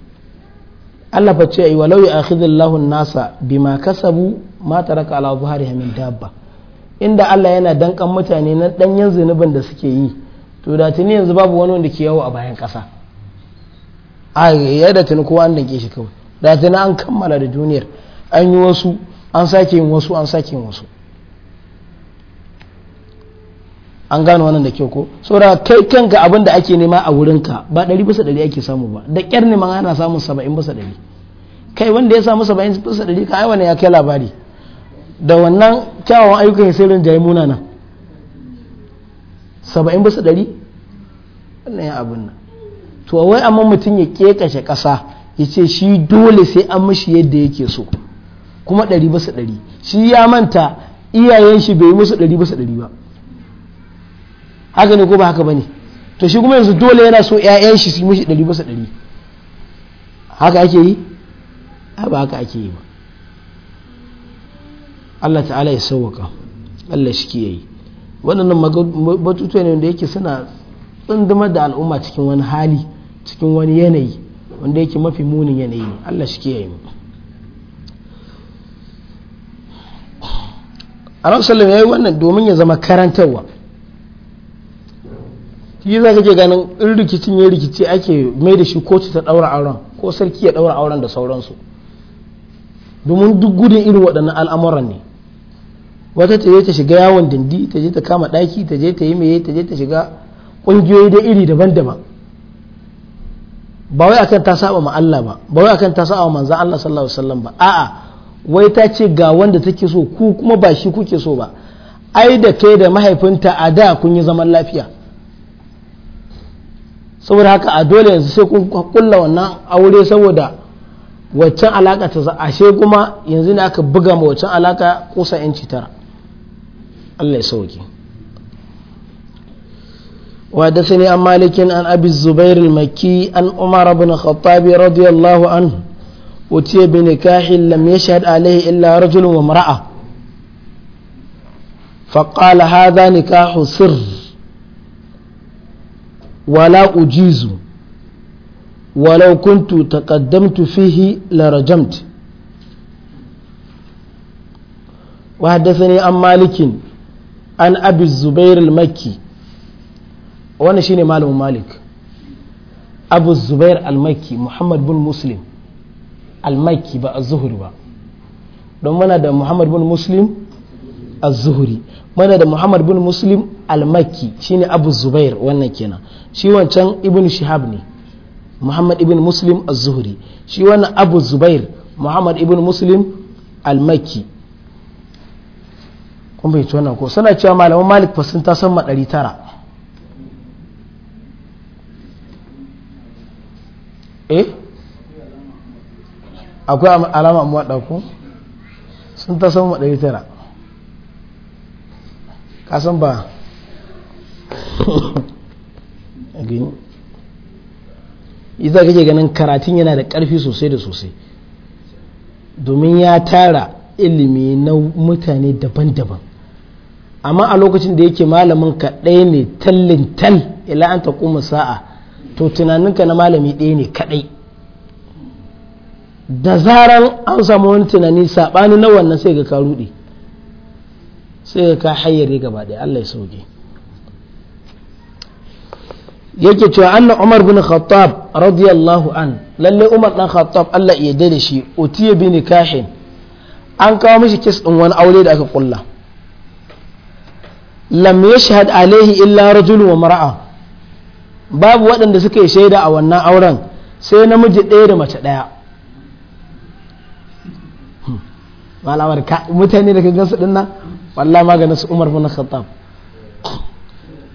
Allah fa ce walau ya akhidhillahu an-nasa bima kasabu ma taraka ala zuhariha min dabba inda Allah yana dankan mutane na danyen zunubin da suke yi to da tuni yanzu babu wani wanda ke yawo a bayan ƙasa a ya da tuni kowa an danke shi kawai da tuni an kammala da duniyar an yi wasu an sake yin wasu an sake yin wasu an gano wannan da kyau ko saboda kai kanka abin da ake nema a wurinka ba ɗari bisa ɗari ake samu ba da ƙyar neman ana samun saba'in bisa ɗari kai wanda ya samu saba'in bisa ɗari ka ai ya kai labari da wannan kyawawan ayyukan ya sai rinjaye nan saba'in bisa ɗari wannan ya abin nan to wai amma mutum ya kekashe ƙasa ya ce shi dole sai an mishi yadda yake so kuma ɗari bisa ɗari shi ya manta iyayen shi bai musu ɗari bisa ɗari ba haka ne ko ba haka ba ne to shi kuma yanzu dole yana so 'ya'yan shi su yi mishi ɗari bisa ɗari haka ake yi ba haka ake yi ba Allah ta'ala ya sauwaka Allah shi ke yi waɗannan batutuwa ne wanda yake suna tsundumar da al'umma cikin wani hali cikin wani yanayi wanda yake mafi munin yanayi Allah shi ke yi a sallam ya yi wannan domin ya zama karantarwa yi za ka ke ganin in rikicin ya rikici ake mai da shi kotu ta ɗaura auren ko sarki ya ɗaura auren da sauransu domin duk gudun irin waɗannan al'amuran ne wata ta je ta shiga yawon dindi ta je ta kama ɗaki ta je ta yi meye ta je ta shiga ƙungiyoyi da iri daban-daban ba wai akan ta saba ma Allah ba ba wai akan ta saba manzo Allah sallallahu alaihi wasallam ba a'a wai ta ce ga wanda take so ku kuma ba shi kuke so ba ai da kai da mahaifinta a da kun yi zaman lafiya saboda haka a dole yanzu sai kun kulla wannan aure saboda waccan alaka ta ashe kuma yanzu ne aka buga ma waccan alaka kusa yanci tara الله ya وحدثني عن مالك عن أبي الزبير المكي عن عمر بن الخطاب رضي الله عنه أتي بنكاح لم يشهد عليه إلا رجل وامرأة فقال هذا نكاح سر ولا أجيز ولو كنت تقدمت فيه لرجمت وحدثني عن مالك an abu zubair al-makki wannan shine malamin malik abu zubair al-makki muhammad bin muslim al-makki ba az-zuhri ba don muna da muhammad bin muslim az-zuhri muna da muhammad bin muslim al-makki shine abu zubair wannan kenan shi wancan ibn shihab ne muhammad ibn muslim az-zuhri shi wannan abu zubair muhammad ibn muslim al-makki kun bai wannan ko suna cewa malaman malik fa sun tasan ma 900 eh akwai alama amma ku sun tasan ma 900 kasan ba gini idan kake ganin karatun yana da ƙarfi sosai da sosai domin ya tara ilimi na mutane daban-daban amma a lokacin da yake malamin ka ɗaya ne tallin tal ila an ta kuma sa'a to tunaninka na malami ɗaya ne kaɗai da zaran an samu wani tunani saɓani na wannan sai ga ka ruɗe sai ga ka hayyare gaba ɗaya Allah ya sauke yake cewa anna Umar bin Khattab radiyallahu an lalle Umar dan Khattab Allah ya da shi utiya bin kahin an kawo mashi kis ɗin wani aure da aka kulla lam yashhad alaihi illa rajul wa mar'a babu waɗanda suka yi shaida a wannan auren sai namiji ɗaya da mace ɗaya malamar hmm. mutane da ka su dinnan wallahi maganin su umar bin khattab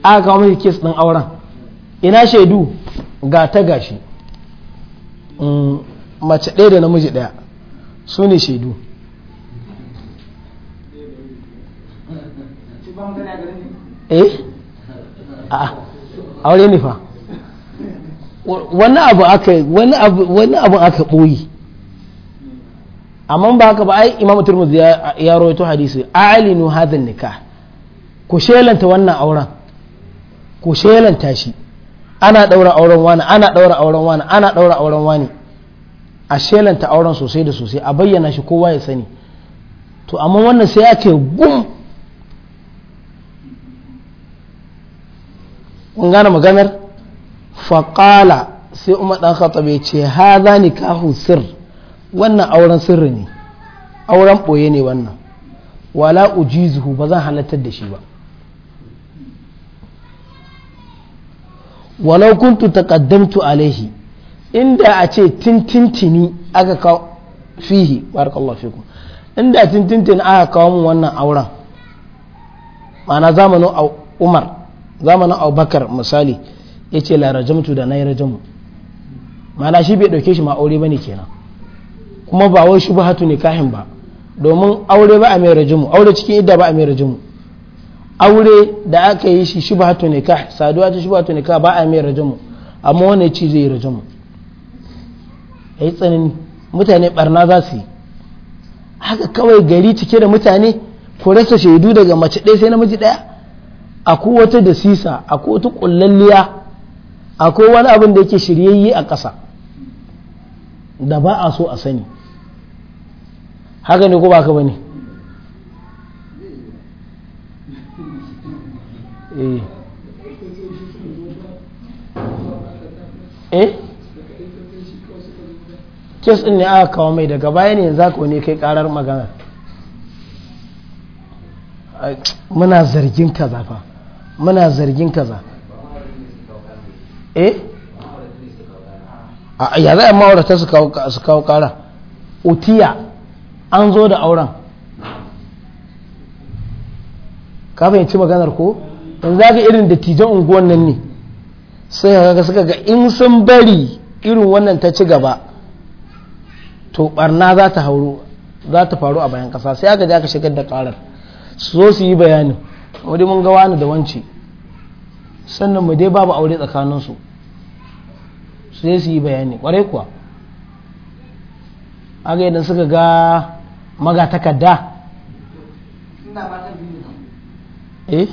aka kawo miki kes ɗin auren ina shaidu ga ta gashi hmm. mace ɗaya da namiji ɗaya su ne shaidu eh a fa wani abu aka wani abu aka ɓoyi amma ba haka ba ai imam turmuzi ya rawaito hadisi alinu hadin nika ku shelanta wannan auren ku shelanta shi ana daura auren wani ana daura auren wani ana daura auren wani a shelanta auren sosai da sosai a bayyana shi kowa ya sani to amma wannan sai ake gum kun gane maganar faƙala sai umar ɗan khattab ya ce ha haza nikahu sir wannan auren sirri ne auren ɓoye ne wannan wala ujizuhu ba zan halartar da shi ba walau kuntu taqaddamtu alaihi inda a ce tintintini aka kawo fihi barakallahu fikum inda tintintini aka kawo mun wannan auren ma'ana zamanin umar zamanin abubakar misali ya ce larajamtu da na yi rajamu mana shi bai ɗauke shi ma aure ba ne kenan kuma ba wai shi ba ne kahin ba domin aure ba a mai rajamu aure cikin idda ba a mai rajamu aure da aka yi shi shi ba ne kah saduwa ta shi ba ne kah ba a mai rajamu amma wani ci zai rajamu ya yi tsanani mutane barna za su yi haka kawai gari cike da mutane ko rasa shaidu daga mace ɗaya sai namiji ɗaya akwai wata da sisa akwai wata kullalliya akwai wani abin da yake shiryayye a ƙasa da ba a so a sani haka ne ko ba ka bane eh. eh kes ɗin ne aka kawo mai daga baya ne yanzu ka ne kai karar magana muna zargin ka zafa muna zargin kaza eh ya za a ma'aurata su kawo kara utiya an zo da auren kafin ya ci maganar ko in za ka irin dattijan tijan unguwan nan ne sai ga suka ga in sun bari irin wannan ta ci gaba to barna za ta hauro za ta faru a bayan kasa sai aka je aka shigar da karar su zo su yi bayanin wadda mun ga wani da wanci sannan mu dai babu aure tsakaninsu su dai su yi bayani kwarai kuwa aga idan suka ga maga eh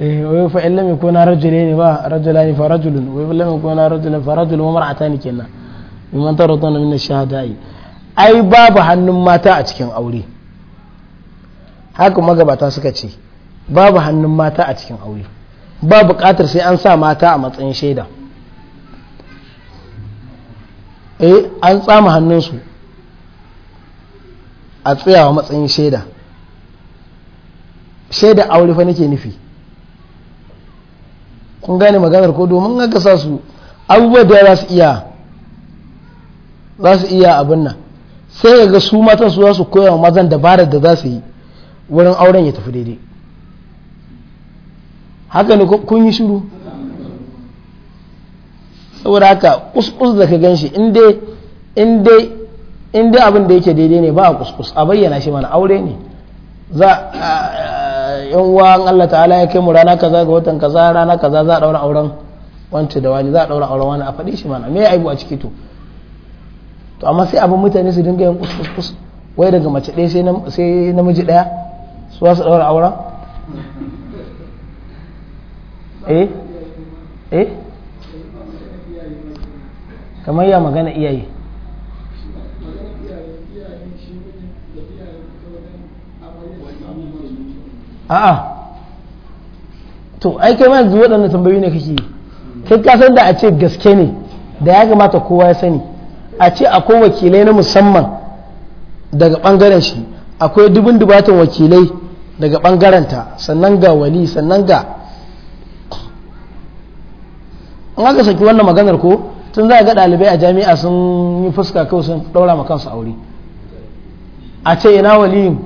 eh wai fa illa mai kona rajule ne ba rajula ne fa rajulun wai fa illa mai kona rajulun fa rajulun wa mar'ata ne kenan liman na minna shahada'i ai babu hannun mata a cikin aure haka magabata suka ce babu hannun mata a cikin aure ba buƙatar sai an sa mata a matsayin shaida eh an tsama hannunsu a tsayawa matsayin shaida shaida aure fa nake nufi kun gane maganar ko domin ga sa su abubuwa da za su iya za su iya abin nan sai ga su matan su za su koya wa mazan dabarar da za su yi wurin auren ya tafi daidai haka ne kun yi shiru saboda haka kuskus da ka ganshi in dai abin da yake daidai ne ba a kuskus a bayyana shi mana aure ne za yan uwa Allah ta'ala ya kai mu rana kaza ga watan kaza rana kaza za a daura auren wancan da wani za a daura auren wani a faɗi shi mana me ya aibu a ciki to to amma sai abin mutane su dinga yin kuskus wai daga mace ɗaya sai namiji ɗaya su wasu daura auren eh eh kamar ya magana iyaye a'a to ai kai ma yanzu waɗannan tambayoyi ne kake kai ka san da a ce gaske ne da ya kamata kowa ya sani a ce akwai wakilai na musamman daga ɓangaren shi akwai dubin dubatan wakilai daga ɓangaranta sannan ga wali sannan ga in aka saki wannan maganar ko tun za ga ɗalibai a jami'a sun yi fuska kawai sun ɗaura ma kansu aure a ce ina waliyin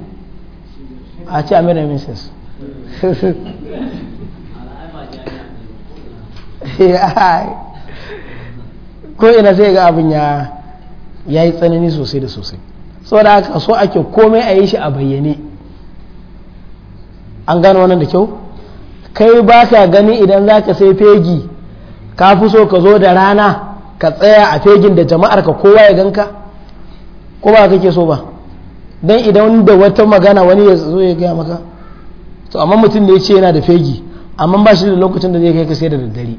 a ce a da mrs ko ina sai ga abin ya ya yi tsanani sosai da sosai saboda haka so ake komai a yi shi a bayyane an gano wannan da kyau kai ba ka gani idan za ka sai fegi ka fi so ka zo da rana ka tsaya a fegin da jama'ar ka kowa ya ganka ko ba kake so ba don idan da wata magana wani ya zo ya gaya maka to amma mutum ne ya ce yana da fegi amma ba shi da lokacin da zai kai ka sai da daddare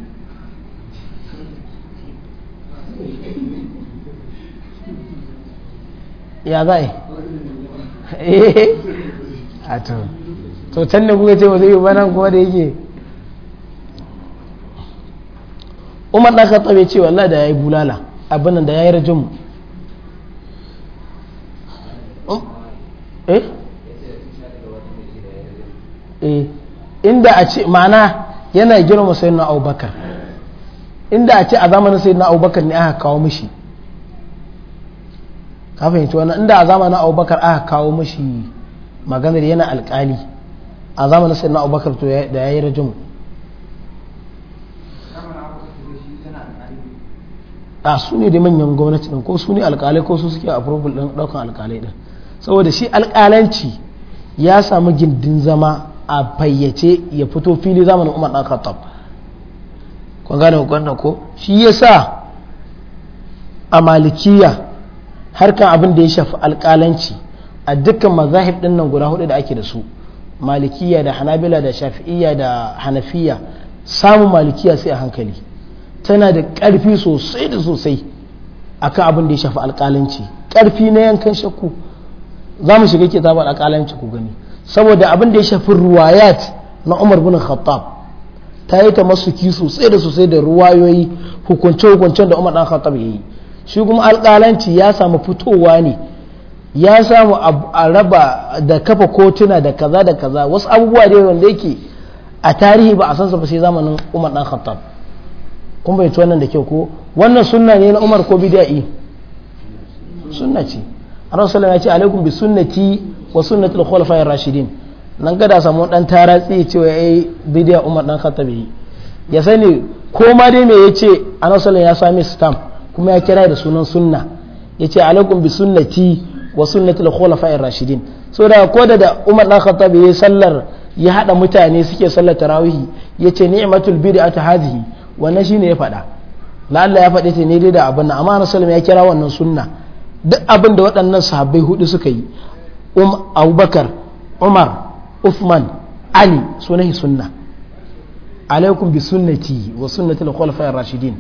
ya za a eh. to can da kuka ce ba zai yi ba nan kuma da yake umar dan khattab ya ce wallahi da yayi bulala abin nan da yayi rajin mu hmm? eh eh inda a ce ma'ana yana girma na abubakar inda a ce a zamanin na abubakar ne aka kawo mishi ka fahimci wannan inda a zamanin abubakar aka kawo mishi maganar yana alkali a zamanin na abubakar to da yayi rajin mu a su ne da manyan gwamnati din ko su ne alkalai ko su suke approval ɗin daukan alkalai ɗin saboda shi alkalanci ya samu gindin zama a fayyace ya fito fili zamanin umar ɗan khattab kun gane wannan ko shi ya sa a malikiya harkan abin da ya shafi alkalanci a dukkan mazahib ɗin nan guda hudu da ake da su malikiya da hanabila da shafi'iya da hanafiya samun malikiya sai a hankali tana da ƙarfi sosai da sosai a akan abin da ya shafi alƙalanci ƙarfi na yankan shakku za mu shiga kitabar alƙalanci ku gani saboda abin da ya shafi ruwayat na umar bin khattab ta yi ta masuki sosai da sosai da ruwayoyi hukunce-hukuncen da umar dan khattab ya yi shi kuma alƙalanci ya samu fitowa ne ya samu a raba da kafa kotuna da kaza da kaza wasu abubuwa da wanda yake a tarihi ba a san sa ba sai zamanin umar dan khattab kun bai wannan da kyau ko wannan sunna ne na umar ko bida'i sunna ce rasulullah ya ce alaikum bi sunnati wa sunnati al-khulafa'ir rashidin nan ga da samu dan taratsi cewa yayi bida'i umar dan yi ya sani ko ma dai me yace rasulullah ya sami stamp kuma ya kira da sunan sunna yace alaikum bi sunnati wa sunnati al-khulafa'ir rashidin so da ko da umar dan khattabi yi sallar ya hada mutane suke sallar tarawihi yace ni'matul bid'atu hadhihi wannan shine ya faɗa la'alla ya faɗi ta ne dai da abin nan amma annabi ya kira wannan sunna duk abin da waɗannan sahabbai hudu suka yi um abubakar umar uthman ali sunahi sunna alaikum bi sunnati wa sunnati al-khulafa ar-rashidin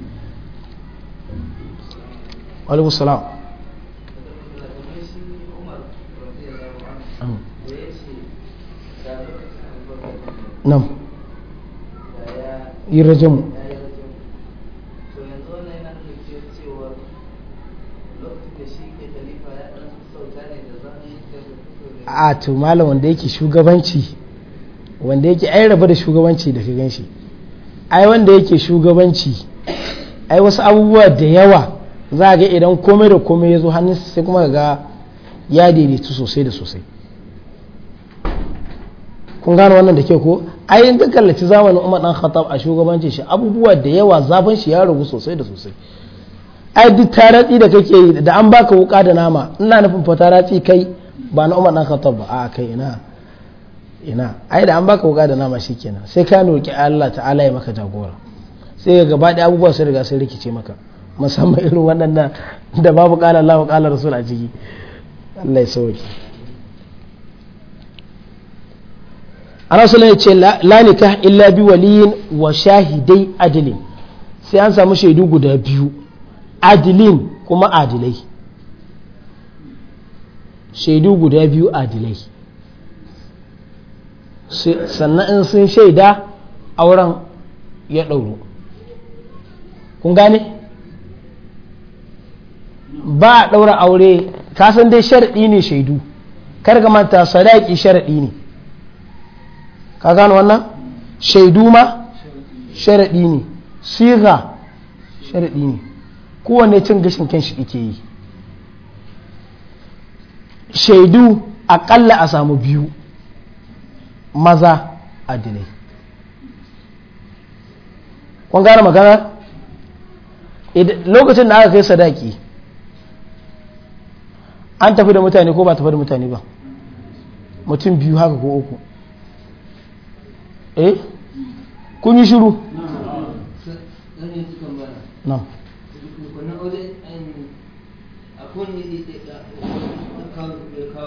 wa alaikum salam نعم a to malam wanda yake shugabanci wanda yake ai raba da shugabanci da ka ganshi ai wanda yake shugabanci ai wasu abubuwa da yawa za ga idan komai da komai ya zo hannun sai kuma ga ya daidaitu sosai da sosai kun gano wannan da ke ko ai in ka kallaci zamanin Umar dan Khattab a shugabanci shi abubuwa da yawa zafin shi ya ragu sosai da sosai ai duk taratsi da kake yi da an baka wuka da nama ina nufin fa taratsi kai ba na umar na khattab ba a kai ina ina ai da an baka wuka da nama shi kenan sai ka roki Allah ta'ala ya maka jagora sai ga gaba da abubuwa sun riga sun rikice maka musamman irin waɗannan da babu ƙala Allah wa qala rasul a ciki Allah ya sauke ana sula ya ce la nikah illa bi waliyin wa shahidai adilin sai an samu shaidu guda biyu adilin kuma adilai shaidu guda biyu adilai sannan in sun shaida auren ya ɗauro kun gane ba a ɗaura aure kasan dai sharaɗi ne shaidu kar manta sadaki sharaɗi ne ka gane wannan shaidu ma sharaɗi ne siga sharaɗi ne kowane cin gashin kan shi ike yi shaidu akalla a samu biyu maza adilai kun gane magana lokacin da aka kai sadaki an tafi da mutane ko ba tafi da mutane ba mutum biyu haka ko uku eh kun yi shiru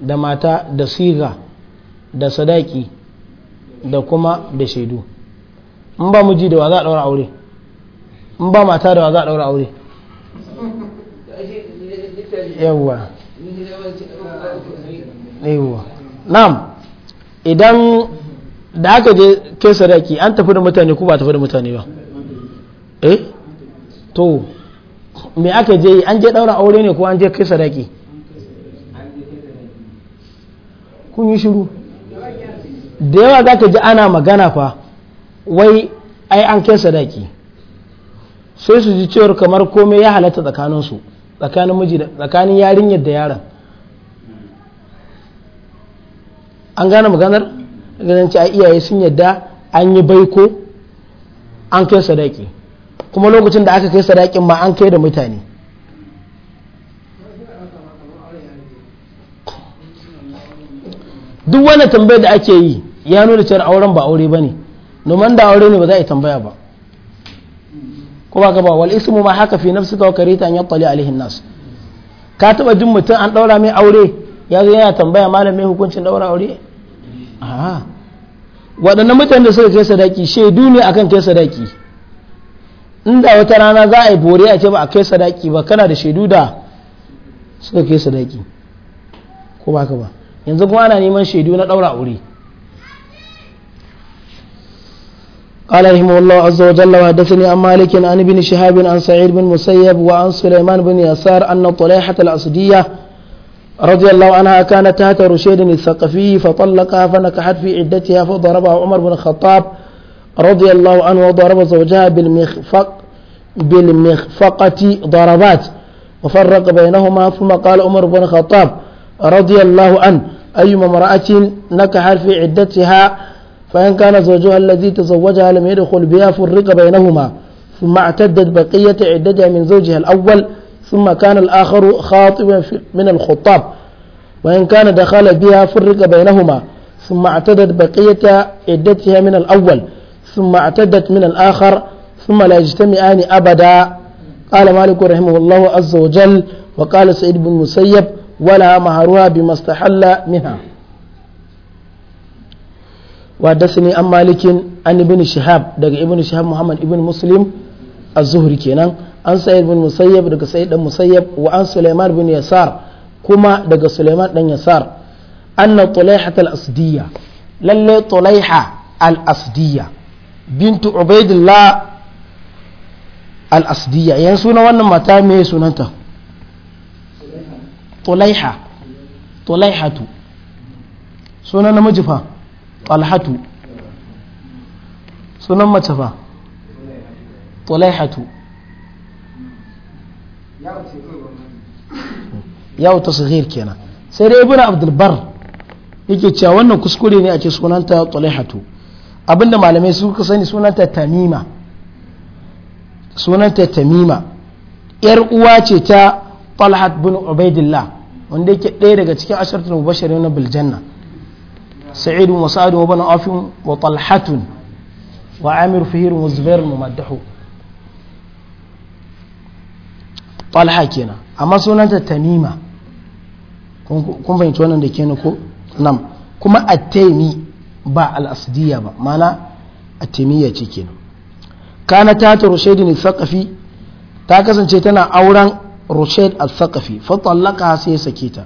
da mata da siga da sadaki da kuma da shaidu in ba muji da wa za a ɗaura aure in ba mata da wa za a ɗaura aure yawwa yawwa na'am idan da aka je kai sadaki an tafi da mutane ko ba tafi da mutane ba eh to me aka je an je ɗaura aure ne ko an je kai sadaki kun yi shiru da yawa za ka ji ana magana fa wai ai an kai sadaki sai su ji cewar kamar komai ya halatta tsakaninsu tsakanin miji tsakanin yarinyar da yaron an gane maganar ganin ci a iyaye sun yadda an yi baiko an kai sadaki kuma lokacin da aka kai sadakin ma an kai da mutane duk wani tambayar da ake yi ya nuna cewar auren ba aure bane domin da aure ne ba za a yi tambaya ba ko ba ka ba wal ismu ma haka fi nafsika wa karita an yattali alaihin nasu ka taba jin mutum an daura mai aure ya zo yana tambaya malam mai hukuncin daura aure a waɗannan mutane da suka kai sadaki shaidu ne akan kai sadaki inda wata rana za a yi bore a ce ba a kai sadaki ba kana da shaidu da suka kai sadaki ko ba ka ba yanzu kuma ana neman shaidu na daura aure قال رحمه الله عز وجل وحدثني عن مالك عن ابن شهاب عن سعيد بن مسيب وعن سليمان بن يسار أن طليحة الأسدية رضي الله عنها كانت تحت رشيد الثقفي فطلقها فنكحت في عدتها فضربها عمر بن الخطاب رضي الله عنه وضرب زوجها بالمخفق بالمخفقة ضربات وفرق بينهما ثم قال عمر بن الخطاب رضي الله عنه أيما امرأة نكح في عدتها فإن كان زوجها الذي تزوجها لم يدخل بها فرق بينهما ثم اعتدت بقية عدتها من زوجها الأول ثم كان الآخر خاطبا من الخطاب وإن كان دخل بها فرق بينهما ثم اعتدت بقية عدتها من الأول ثم اعتدت من الآخر ثم لا يجتمعان أبدا قال مالك رحمه الله عز وجل وقال سعيد بن مسيب ولا مهرها بما استحل منها ودسني عن مالك عن ابن شهاب دق ابن شهاب محمد ابن مسلم الزهري كينان عن سعيد بن مسيب دق سعيد بن مسيب وعن سليمان بن يسار كما دق سليمان بن يسار أن طليحة الأصدية للي طليحة الأصدية بنت عبيد الله الأصدية يعني سنة وانا متى مي سنتها tulaiha tulaihatu sunan namiji fa talhatu sunan mace fa tulaihatu yawo ta sahir kenan sai dai ibn abdulbar yake cewa wannan kuskure ne ake sunanta tulaihatu abinda malamai suka sani sunanta tamima sunanta tamima yar uwa ce ta talhat bin ubaidillah wanda yake ɗaya daga cikin asharatul mubashirin na biljanna Sa'idu wa sa'adu wa bana afin wa talhatun wa amir fihir wa zubair maddahu talha kenan amma sunanta tamima kun fahimci wannan da ke ko nan kuma a taimi ba al'asidiyya ba mana at-taimiyya ce kenan kana ta turshidin al ne ta kasance tana auren Rushed al-thaqafi fa tallaqaha sai ya sake ta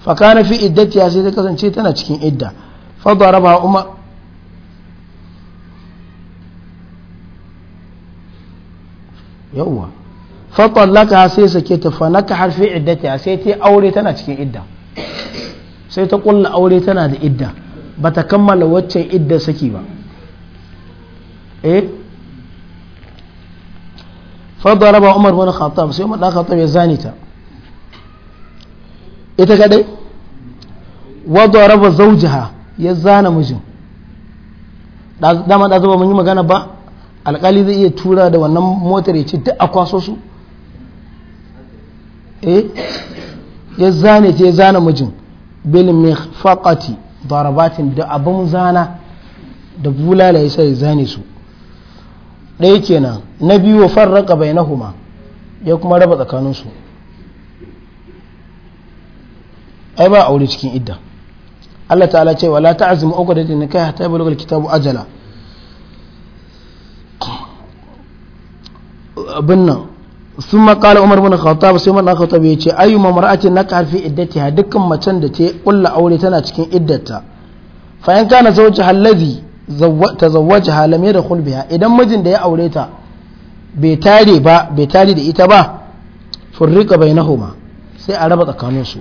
fa kana fi iddatiha sai ta kasance tana cikin idda fa daraba umar yawwa fa tallaqaha sai sake ta fa nakaha fi iddatiha sai ta aure tana cikin idda sai ta kulla aure tana da idda bata kammala waccan idda saki ba eh فضرب عمر بن sai umar عمر بن الخطاب zani ta ita kadai wadaraba zawjaha ya zana mijin dama da zuba mun yi magana ba alkali zai iya tura da wannan motar ya ce duk a kwaso su eh ya zane ta ya zana mijin bil mai darabatin da abin zana da bulala ya sai zane su ɗaya kenan na biyu wa farraka bai na nahuma ya kuma raba tsakaninsu ai ba a aure cikin idda Allah ta'ala ce wa la ta'azimu uku da ta nika ya ta balagal kitabu ajala binnan sun makala umar bin khattab sai man khattab ya ce ayyuma mar'atin naka fi iddatiha dukkan macen da ta yi kulla aure tana cikin iddata. fa in kana zawji halladhi ta tazawwajaha lam da kulbiya idan mijin da ya aure ta bai tare ba da ita ba bai bainahuma sai a raba tsakanin su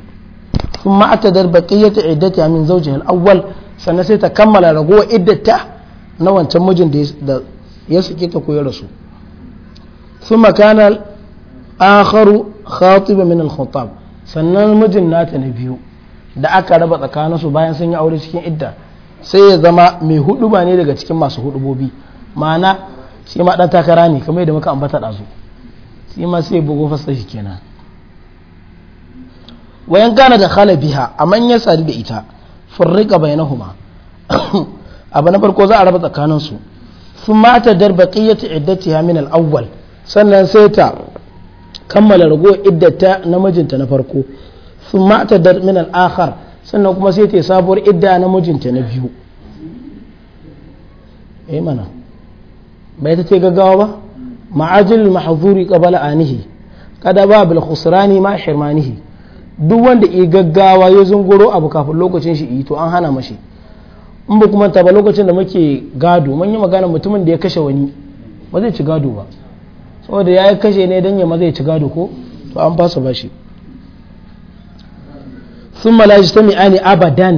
thumma atadar baqiyatu ya min zawjiha al-awwal sannan sai ta kammala ragowa iddata na wancan mijin da ya suke ta koyar su. sun makana kana akharu khatiba min al-khutab sannan mijin nata na biyu da aka raba tsakaninsu bayan sun yi aure cikin idda sai ya zama mai hudu ba ne daga cikin masu huɗubobi ma'ana shi ma dan takara ne kamar yadda muka ambata dazu shi ma sai bugo fasta shi kenan wayan gana da khala biha a ya sadi da ita furriqa bainahuma abu na farko za a raba tsakanin su thumma ta dar baqiyatu iddatiha min al-awwal sannan sai ta kammala rago iddata na mijinta na farko sun mata dar min al-akhar sannan kuma sai ta yi sabuwar idda na mijinta na biyu eh mana bai ta ce gaggawa ba ma'ajil mahzuri qabala anihi kada ba bil khusrani ma hirmanihi duk wanda yi gaggawa ya zunguro abu kafin lokacin shi yi to an hana mashi in ba kuma ba lokacin da muke gado mun yi magana mutumin da ya kashe wani ba zai ci gado ba saboda ya kashe ne dan ya ma zai ci gado ko to an fasa bashi sun malaji ta mi'ani abadan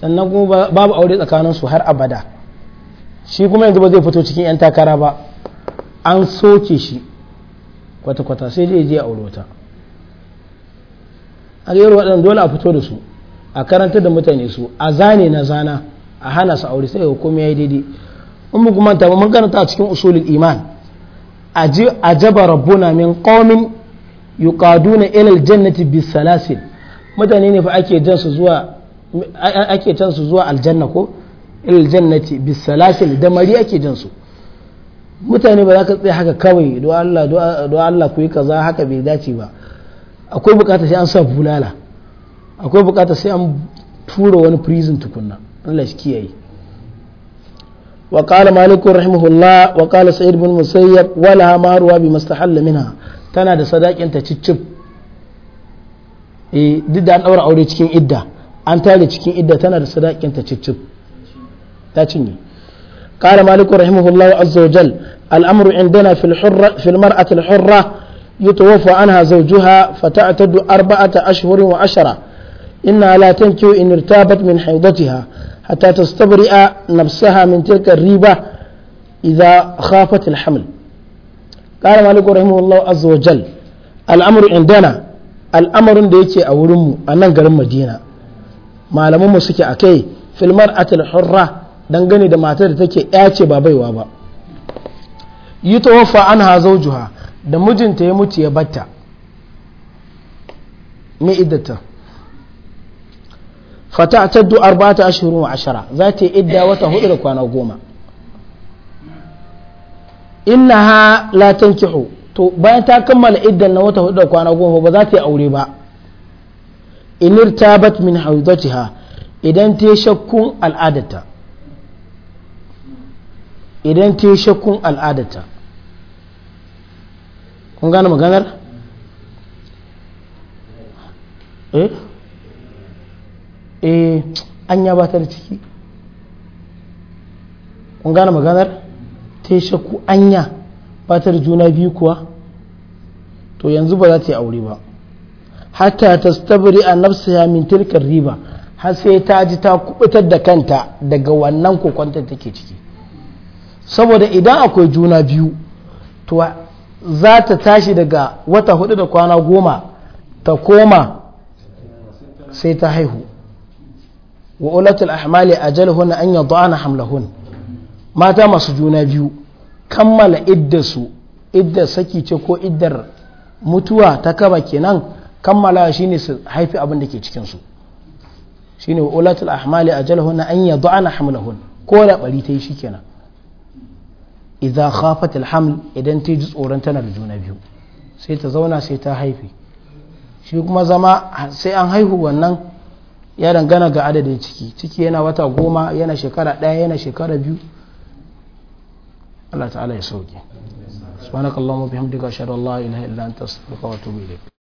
sannan kuma babu aure tsakaninsu har abada shi kuma yanzu ba zai fito cikin 'yan takara ba an soke shi kwata-kwata sai dai je aure wata har yau waɗanda dole a fito da su a karanta da mutane su a zane na zana a hana su aure sai ga komai ya yi daidai in bu kuma ta mun karanta a cikin usulul iman a ajaba rabbuna min qaumin yuqaduna ila aljannati bisalasil mutane ne fa ake jan su zuwa ake can su zuwa aljanna ko ilal jannati bis salasil da mari ake jan su mutane ba za ka tsaya haka kawai do Allah do Allah ku yi kaza haka bai dace ba akwai bukata sai an sa bulala akwai bukata sai an tura wani prison tukunna Allah shi kiyaye wa qala رحمه rahimahullah wa qala sa'id مسيب musayyab wala maruwa bi استحل minha tana da sadakin ta cicip eh duk da an daura aure cikin idda an tare cikin idda tana da sadakin ta cicci ta cinye قال مالك رحمه الله عز وجل الأمر عندنا في الحرة في المرأة الحرة يتوفى عنها زوجها فتعتد أربعة أشهر وعشرة إنها لا تنكو إن ارتابت من حيضتها حتى تستبرئ نفسها من تلك الريبة إذا خافت الحمل قال مالك رحمه الله عز وجل الأمر عندنا al'amarin da yake a wurinmu a nan garin madina malamanmu suke a kai filmar atal hurra dangane da matar da take yace ce ba baiwa ba yi ta wafa an hazau da mijinta ya mutu ya batta mai iddata fata ta du arba'ata ashirin wa ashara za ta yi idda wata hudu da kwana goma ha la tankihu to bayan ta kammala iddan na wata hudu da kwana goma ba za ta yi aure ba inir tabat min haudatiha idan ta yi shakkun al'adata idan ta yi shakkun al'adata kun gane maganar eh eh an ya ba ta da ciki kun gane maganar ta yi shakku anya ba juna biyu kuwa to yanzu ba za ta yi aure ba hatta ta stabri a ya min tilkar riba har sai ta ji ta kubutar da kanta daga wannan kokonta take ciki saboda idan akwai juna biyu to za ta tashi daga wata hudu da kwana goma ta koma sai ta haihu wa ulatul ahmali ajalhun an yadda ana hamlahun mata masu juna biyu kammala iddasu iddar saki ce ko iddar mutuwa ta kaba kenan kammala shine su haifi abin da ke cikin su shine wa ulatul ahmali ajalhunna an yad'ana hamlahun ko da bari ta yi shikenan idza khafat alhaml idan ta ji tsoron tana da juna biyu sai ta zauna sai ta haifi. shi kuma zama sai an haihu wannan ya dangana ga adadin ciki ciki yana wata goma yana shekara ɗaya yana shekara biyu Allah ta'ala ya sauke subhanakallahumma bihamdika ashhadu an la ilaha illa anta astaghfiruka wa atubu ilayk